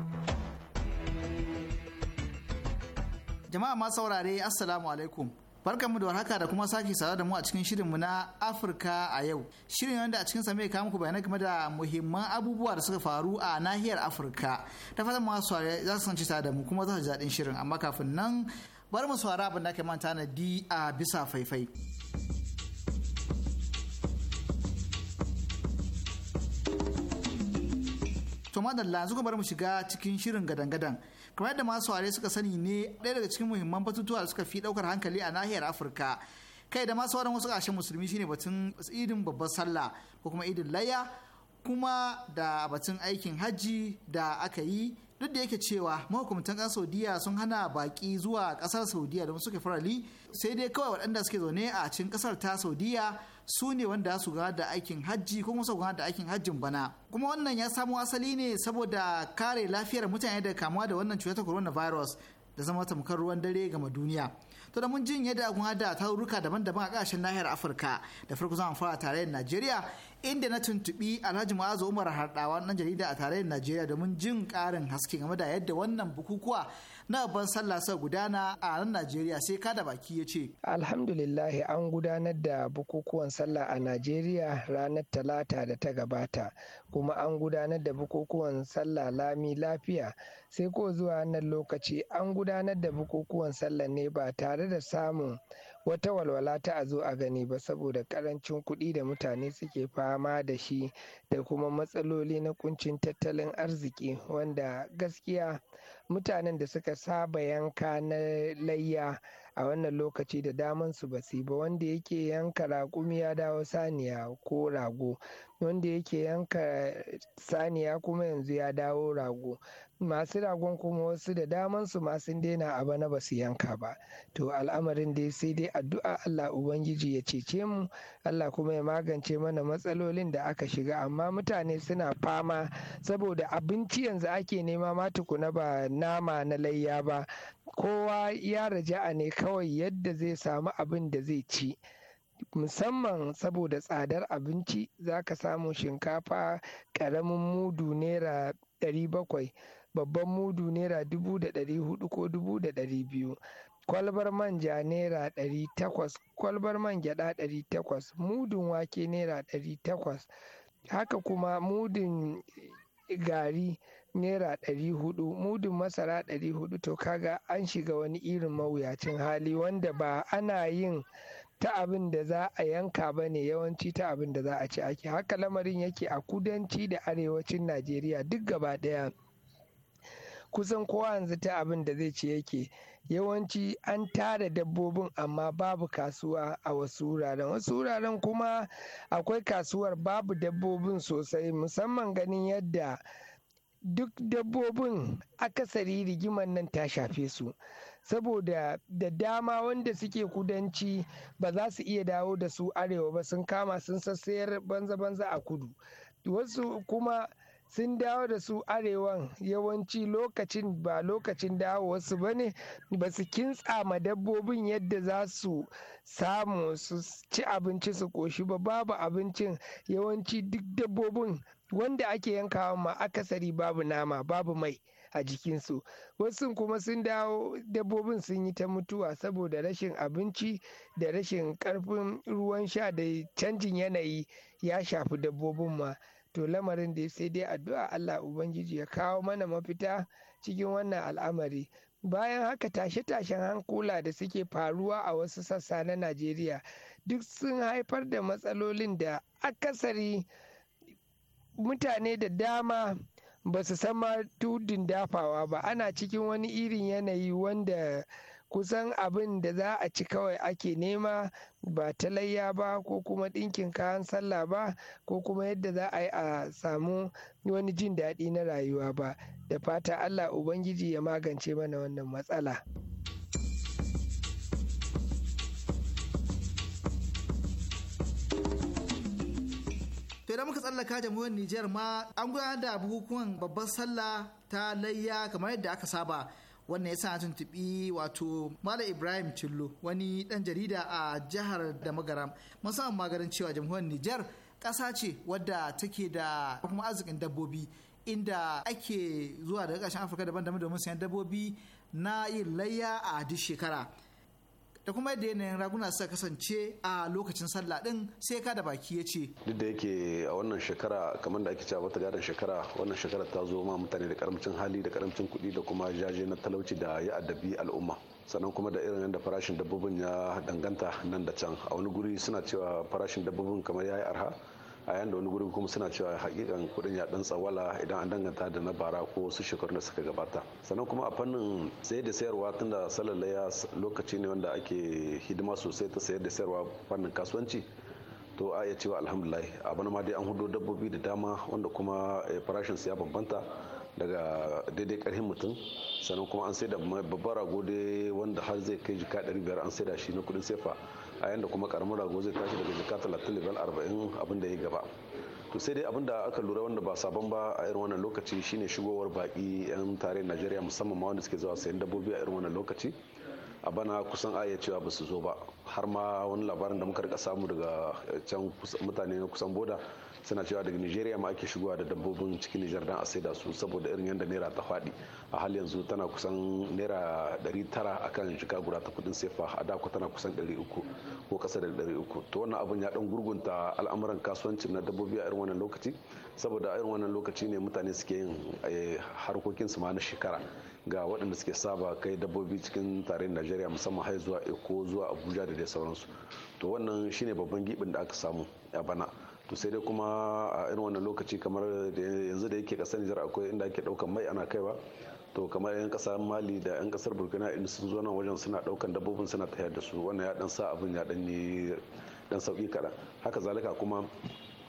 jama'a ma saurare assalamu alaikum Barkanmu da warhaka da kuma sake sawa da mu a cikin shirinmu na Afirka a yau. Shirin wanda a cikin sa mai kawo muku bayanai game da muhimman abubuwa da suka faru a nahiyar Afirka. Da fatan masu saurare za su sanci da mu kuma za su ji daɗin shirin amma kafin nan bari mu saurara abin da ke manta na di a bisa faifai. To madalla yanzu bari mu shiga cikin shirin gadan-gadan. kamar yadda masu ware suka sani ne ɗaya daga cikin muhimman batutuwa da suka fi ɗaukar hankali a nahiyar afirka kai da masu ware wasu ƙasashen musulmi shine batun idin babbar sallah ko kuma idin layya kuma da batun aikin hajji da aka yi duk da yake cewa mahukumtan ƙasar saudiya sun hana baƙi zuwa kasar saudiya don suka farali sai dai kawai waɗanda suke zaune a cikin kasar ta saudiya su ne wanda su gudanar da aikin hajji ko kuma su gudanar da aikin hajjin bana kuma wannan ya samo asali ne saboda kare lafiyar mutane da kamuwa da wannan cutar coronavirus da zama tamkar ruwan dare gama duniya to da mun jin yadda kun hada taruka daban-daban a kasashen nahiyar afirka da farko zan fara tarayyar najeriya inda na tuntubi alhaji mu'azu umar hardawa nan jarida a tarayyar najeriya domin jin karin haske game da yadda wannan bukukuwa na ban sallah sa gudana a nan Najeriya sai kada baki ya ce. Alhamdulillah an gudanar da bukukuwan sallah a Najeriya ranar talata da ta gabata kuma an gudanar da bukukuwan sallah lami lafiya sai ko zuwa wannan lokaci an gudanar da bukukuwan sallah ne ba tare da samun wata walwala ta a zo a gani ba saboda karancin kuɗi da mutane suke fama da shi da kuma matsaloli na kuncin tattalin arziki wanda gaskiya mutanen da suka saba yanka na layya a wannan lokaci da daman su basi ba wanda yake yanka raƙumi ya dawo saniya ko rago wanda yake yanka saniya kuma yanzu ya dawo rago masu ragon kuma wasu da daman su masu daina a bana basu yanka ba to al'amarin dai sai dai addu'a Allah ubangiji ya cece mu Allah kuma ya magance mana matsalolin da aka shiga amma mutane suna fama saboda abinci yanzu ake nema ma tukuna ba nama na layya ba kowa ya raja'a ne kawai yadda zai samu abin da zai ci musamman saboda tsadar abinci za ka samu shinkafa ƙaramin mudu naira 700 babban mudu naira 1,400 ko 200 kwalbar manja naira 800 kwalbar man gyada 800 mudun wake naira 800 haka kuma mudun gari naira ɗari huɗu mudun masara ɗari hudu to kaga an shiga wani irin mawuyacin hali wanda ba ana yin ta abin da za a yanka ba ne yawanci ta abin da za a ci ake haka lamarin yake a kudanci da arewacin najeriya duk gaba ɗaya kusan kowa yanzu ta abin da zai ci yake yawanci an tara dabbobin amma babu kasuwa a wasu wuraren wasu wuraren kuma akwai kasuwar babu dabbobin sosai musamman ganin yadda duk dabbobin akasari rigimar nan ta shafe su saboda da dama wanda suke kudanci ba za su iya dawo da su arewa ba sun kama sun sassayar banza-banza a kudu wasu kuma sun dawo da su arewan yawanci lokacin ba lokacin dawowarsu ba ne ba su kintsa ma dabbobin yadda za su samu su ci abinci su koshi ba babu abincin yawanci duk dabbobin wanda ake yankawa ma akasari babu nama babu mai a jikinsu wasu kuma sun dawo dabbobin sun yi ta mutuwa saboda rashin abinci da rashin karfin ruwan sha da canjin yanayi ya shafi dabbobin ma to lamarin da sai dai addu'a Allah Ubangiji ya kawo mana mafita cikin wannan al'amari bayan haka tashe-tashen hankula da suke faruwa a wasu sassa na Najeriya duk sun haifar da matsalolin da akasari mutane da dama ba su san ma dafawa ba ana cikin wani irin yanayi wanda kusan abin da za a ci kawai ake nema ba talayya ba ko kuma ɗinkin kayan sallah ba ko kuma yadda za a yi a samu wani jin daɗi na rayuwa ba da fata allah ubangiji ya magance mana wannan matsala. idan muka tsallaka jamhuriyar Nijar ma an gudanar da bukukuwan babban sallah ta layya kamar yadda aka saba wannan yasa tuntubi wato Malam Ibrahim Cillo wani dan jarida a jihar Damagaram magaram musamman magarin cewa jamhuriyar Nijar ƙasa ce wadda take da kuma arzikin dabbobi inda ake zuwa daga kasashen Afirka daban-daban domin sayan dabbobi na yin layya a duk shekara. da kuma yadda yanayin raguna suka kasance a lokacin sallah din sai ka da baki ya ce duk da yake a wannan shekara kamar da ake cewa wata gadon shekara wannan shekara ta zo ma mutane da karamcin hali da karamcin kuɗi da kuma jaje na talauci da ya addabi al'umma sannan kuma da irin yadda farashin dabbobin ya danganta nan da can a wani guri suna cewa farashin dabbobin kamar ya yi arha a yayin wani gurin kuma suna cewa hakikan kudin ya dan tsawala idan an danganta da na bara ko su shekaru da suka gabata sannan kuma a fannin sayar da sayarwa tunda salalaya lokaci ne wanda ake hidima sosai ta sayar da sayarwa fannin kasuwanci to a iya cewa alhamdulahi a ma dai an hudo dabbobi da dama wanda kuma eh, farashin su ya bambanta daga daidai karhin mutum sannan kuma an sai da babbar rago wanda har zai kai jika 500 an sai da shi na kudin sefa a yanda kuma karamin rago zai tashi daga jika 30 level 40 abin da ya gaba to sai dai abin da aka lura wanda ba sabon ba a irin wannan lokaci shine shigowar baki yan tarayyar najeriya musamman ma wanda suke zuwa sayan dabbobi a irin wannan lokaci a bana kusan aya cewa ba su zo ba har ma wani labarin da muka rika samu daga can mutane kusan boda suna cewa daga nigeria ma ake shigowa da dabbobin cikin nijar don a saida su saboda irin yadda naira ta fadi a hal yanzu tana kusan naira 900 akan shiga guda ta kudin sefa a dako tana kusan 300 ko kasa da 300 to wannan abun ya dan gurgunta al'amuran kasuwancin na dabbobi a irin wannan lokaci saboda a irin wannan lokaci ne mutane suke yin eh, su ma na shekara ga waɗanda suke saba kai dabbobi cikin tarihin nigeria musamman har zuwa eko zuwa abuja da dai sauransu to wannan shine babban gibin da aka samu a bana to sai dai kuma a irin wannan lokaci kamar yanzu da yake kasar Nijar akwai inda ake daukan mai ana kaiwa to kamar yan kasar Mali da yan kasar Burkina in sun zo nan wajen suna daukan dabbobin suna tayar da su wannan ya dan sa abin ya dan ne dan sauki kaɗan haka zalika kuma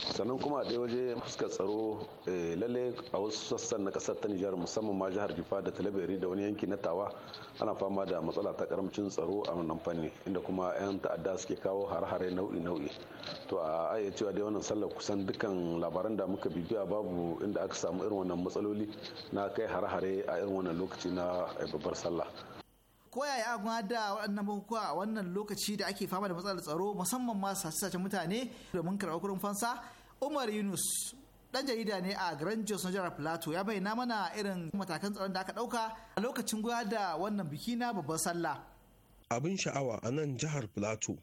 sannan kuma a ɗaya waje fuskar tsaro eh, lalle a wasu sassan na kasar ta nijar musamman ma jihar jifa da talabari da wani yanki na tawa ana fama da matsala ta karamcin tsaro a wannan fanni inda kuma 'yan ta'adda suke kawo har-hare nau'i-nau'i to a aya cewa dai wannan sallar kusan dukkan labaran da muka bibiya babu inda aka samu irin wannan matsaloli na kai har-hare a irin wannan lokaci na eh, babbar sallah ko yaya a da waɗannan bukukuwa a wannan lokaci da ake fama da matsalar tsaro musamman ma sace mutane domin karɓa kurin fansa umar yunus ɗan jarida ne a grand jos na jihar plateau ya bayyana mana irin matakan tsaron da aka ɗauka a lokacin gudanar da wannan biki na babbar sallah abin sha'awa a nan jihar plateau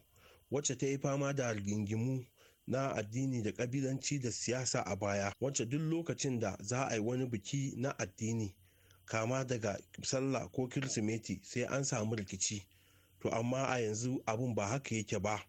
wacce ta yi fama da rigingimu na addini da kabilanci da siyasa a baya wacce duk lokacin da za a yi wani biki na addini kama daga sallah ko kirsimeti sai an samu rikici to amma a yanzu abun ba haka yake ba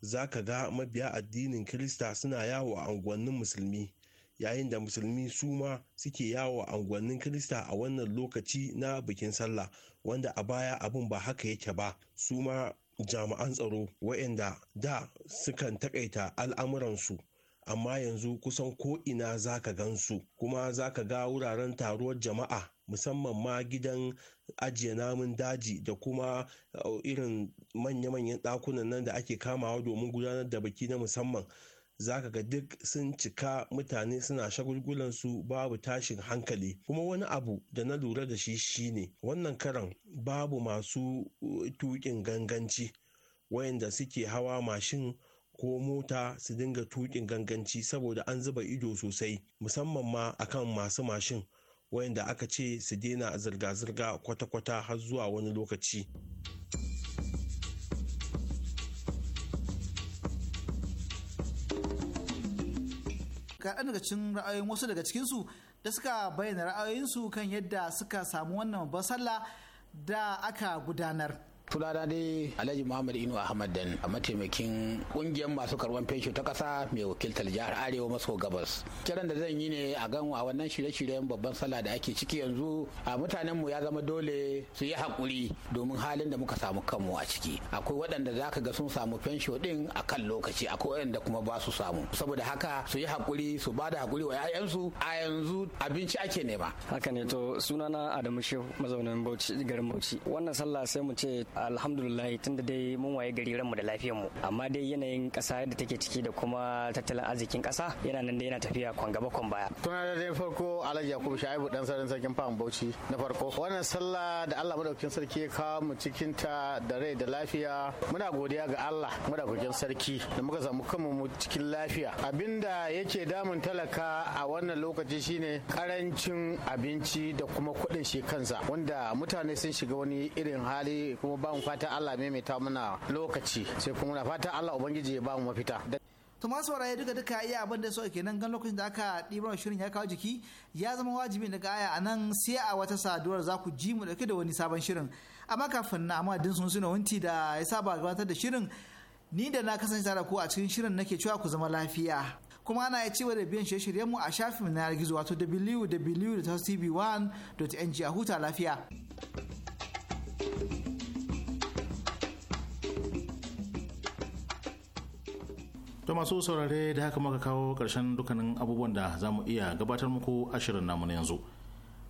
za ka ga mabiya addinin kirista suna yawo a unguwannin musulmi yayin da musulmi su ma suke yawo a unguwannin kirista a wannan lokaci na bikin sallah wanda a baya abun ba haka yake ba su ma jami'an tsaro waɗanda da sukan takaita al'amuransu amma yanzu kusan ko'ina za ka gansu kuma za ka ga wuraren taruwar jama'a musamman ma gidan ajiye namun daji da kuma uh, irin manya-manyan ɗakunan nan da ake kamawa domin gudanar da baki na musamman zaka ga duk sun cika mutane suna shagulgulan su babu tashin hankali kuma wani abu da na lura da shi shine wannan karan babu masu uh, tuƙin ganganci wayanda suke hawa mashin ko mota su dinga tuƙin ganganci saboda an zuba ido sosai musamman ma akan masu mashin wayanda aka ce su daina zirga-zirga kwata-kwata har zuwa wani lokaci kaɗan daga cikin ra'ayoyin wasu daga cikinsu da suka bayyana ra'ayoyinsu kan yadda suka samu wannan basalla da aka gudanar. sunana dai alhaji muhammad inu ahmad dan a mataimakin kungiyar masu karban fenshi ta kasa mai wakiltar jihar arewa maso gabas kiran da zan yi ne a gan a wannan shirye-shiryen babban sallah da ake ciki yanzu a mutanen mu ya zama dole su yi hakuri domin halin da muka samu kanmu a ciki akwai waɗanda za ka ga sun samu fenshi din a kan lokaci akwai waɗanda kuma ba su samu saboda haka su yi hakuri su ba da hakuri wa 'ya'yansu a yanzu abinci ake nema haka ne to sunana adamu shehu mazaunin bauchi garin bauchi wannan sallah sai mu ce alhamdulillah tunda dai mun waye gari ranmu da lafiyar mu amma dai yanayin kasa da take ciki da kuma tattalin arzikin kasa yana nan da yana tafiya kwan gaba kwan baya tun da dai farko alhaji yakubu shaibu dan sarin sarkin fam bauchi na farko wannan sallah da Allah madaukakin sarki ya kawo mu cikin ta da rai da lafiya muna godiya ga Allah madaukakin sarki da muka samu kanmu mu cikin lafiya abinda yake damun talaka a wannan lokaci shine karancin abinci da kuma kuɗin shi kansa wanda mutane sun shiga wani irin hali kuma ba mu fatan Allah maimaita muna lokaci sai kuma muna fatan Allah ubangiji ya ba mu mafita to duka duka iya abin da so nan gan lokacin da aka ɗibar shirin ya kawo jiki ya zama wajibi daga aya a nan sai a wata saduwar za ku ji mu dauke da wani sabon shirin amma kafin na amma din sun suna wanti da ya saba gabatar da shirin ni da na kasance tare ku a cikin shirin nake cewa ku zama lafiya kuma ana ya cewa da biyan shirye-shiryen mu a shafin na yanar gizo wato www.tv1.ng a huta lafiya. To masu saurare da haka muka kawo karshen dukkanin abubuwan da za mu iya gabatar muku a shirin namu na yanzu.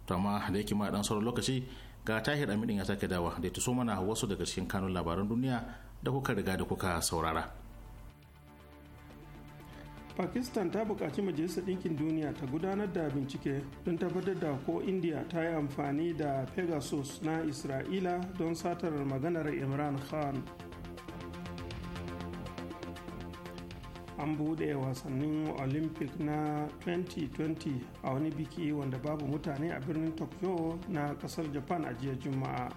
To amma da yake ma dan sauran lokaci ga tahir amidin ya sake dawa da ya tuso mana wasu daga cikin kanun labaran duniya da kuka riga da kuka saurara. Pakistan ta buƙaci Majalisar Ɗinkin Duniya ta gudanar da bincike don tabbatar da ko India ta yi amfani da Pegasus na Isra'ila don satar maganar Imran Khan. an bude wasannin olympic na 2020 a wani biki wanda babu mutane a birnin tokyo na kasar japan a jiya juma'a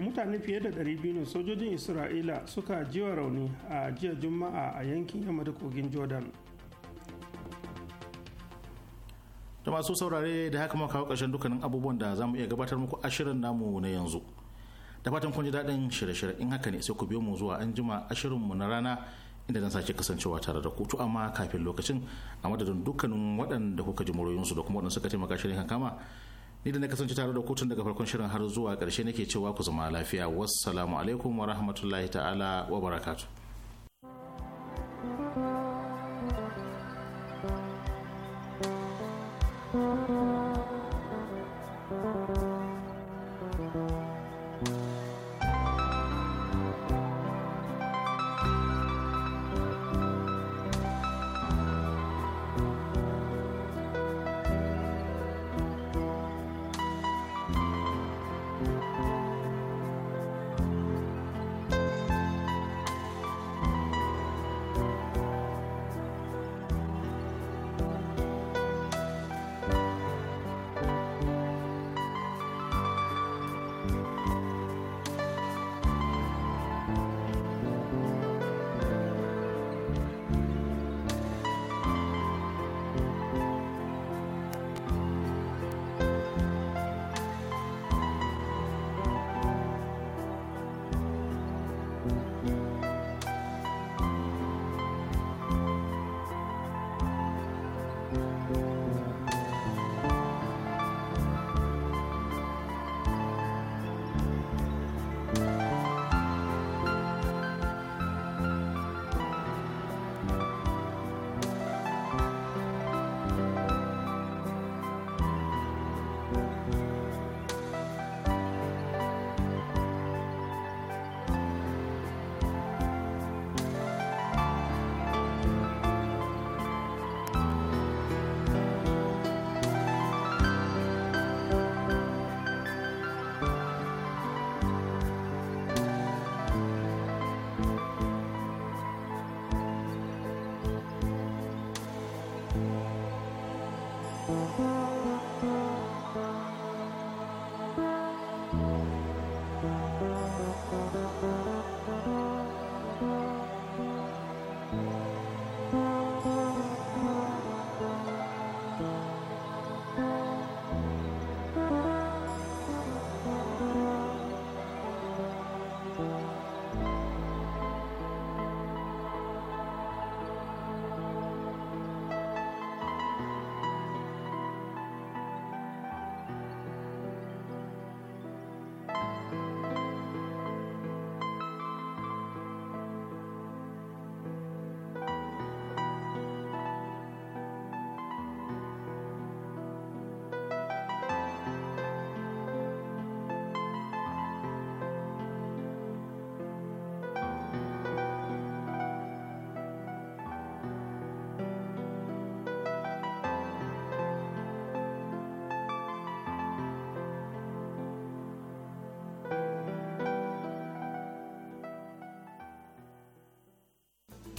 mutane fiye da 200 sojojin isra'ila suka jiwa rauni a jiya juma'a a yankin yamma da kogin jordan da masu saurare da haka muka kawo ƙarshen dukkanin abubuwan da za mu iya gabatar muku ashirin namu na yanzu da fatan kun ji daɗin shirye-shirye in haka ne sai ku biyo mu zuwa an jima ashirinmu na rana inda zan sake kasancewa tare da ku amma kafin lokacin a madadin dukkanin waɗanda kuka ji muroyinsu da kuma waɗanda suka taimaka shirin kan kama ni da na kasance tare da kotun daga farkon shirin har zuwa ƙarshe nake cewa ku zama lafiya wassalamu alaikum wa rahmatullahi ta'ala wa barakatu.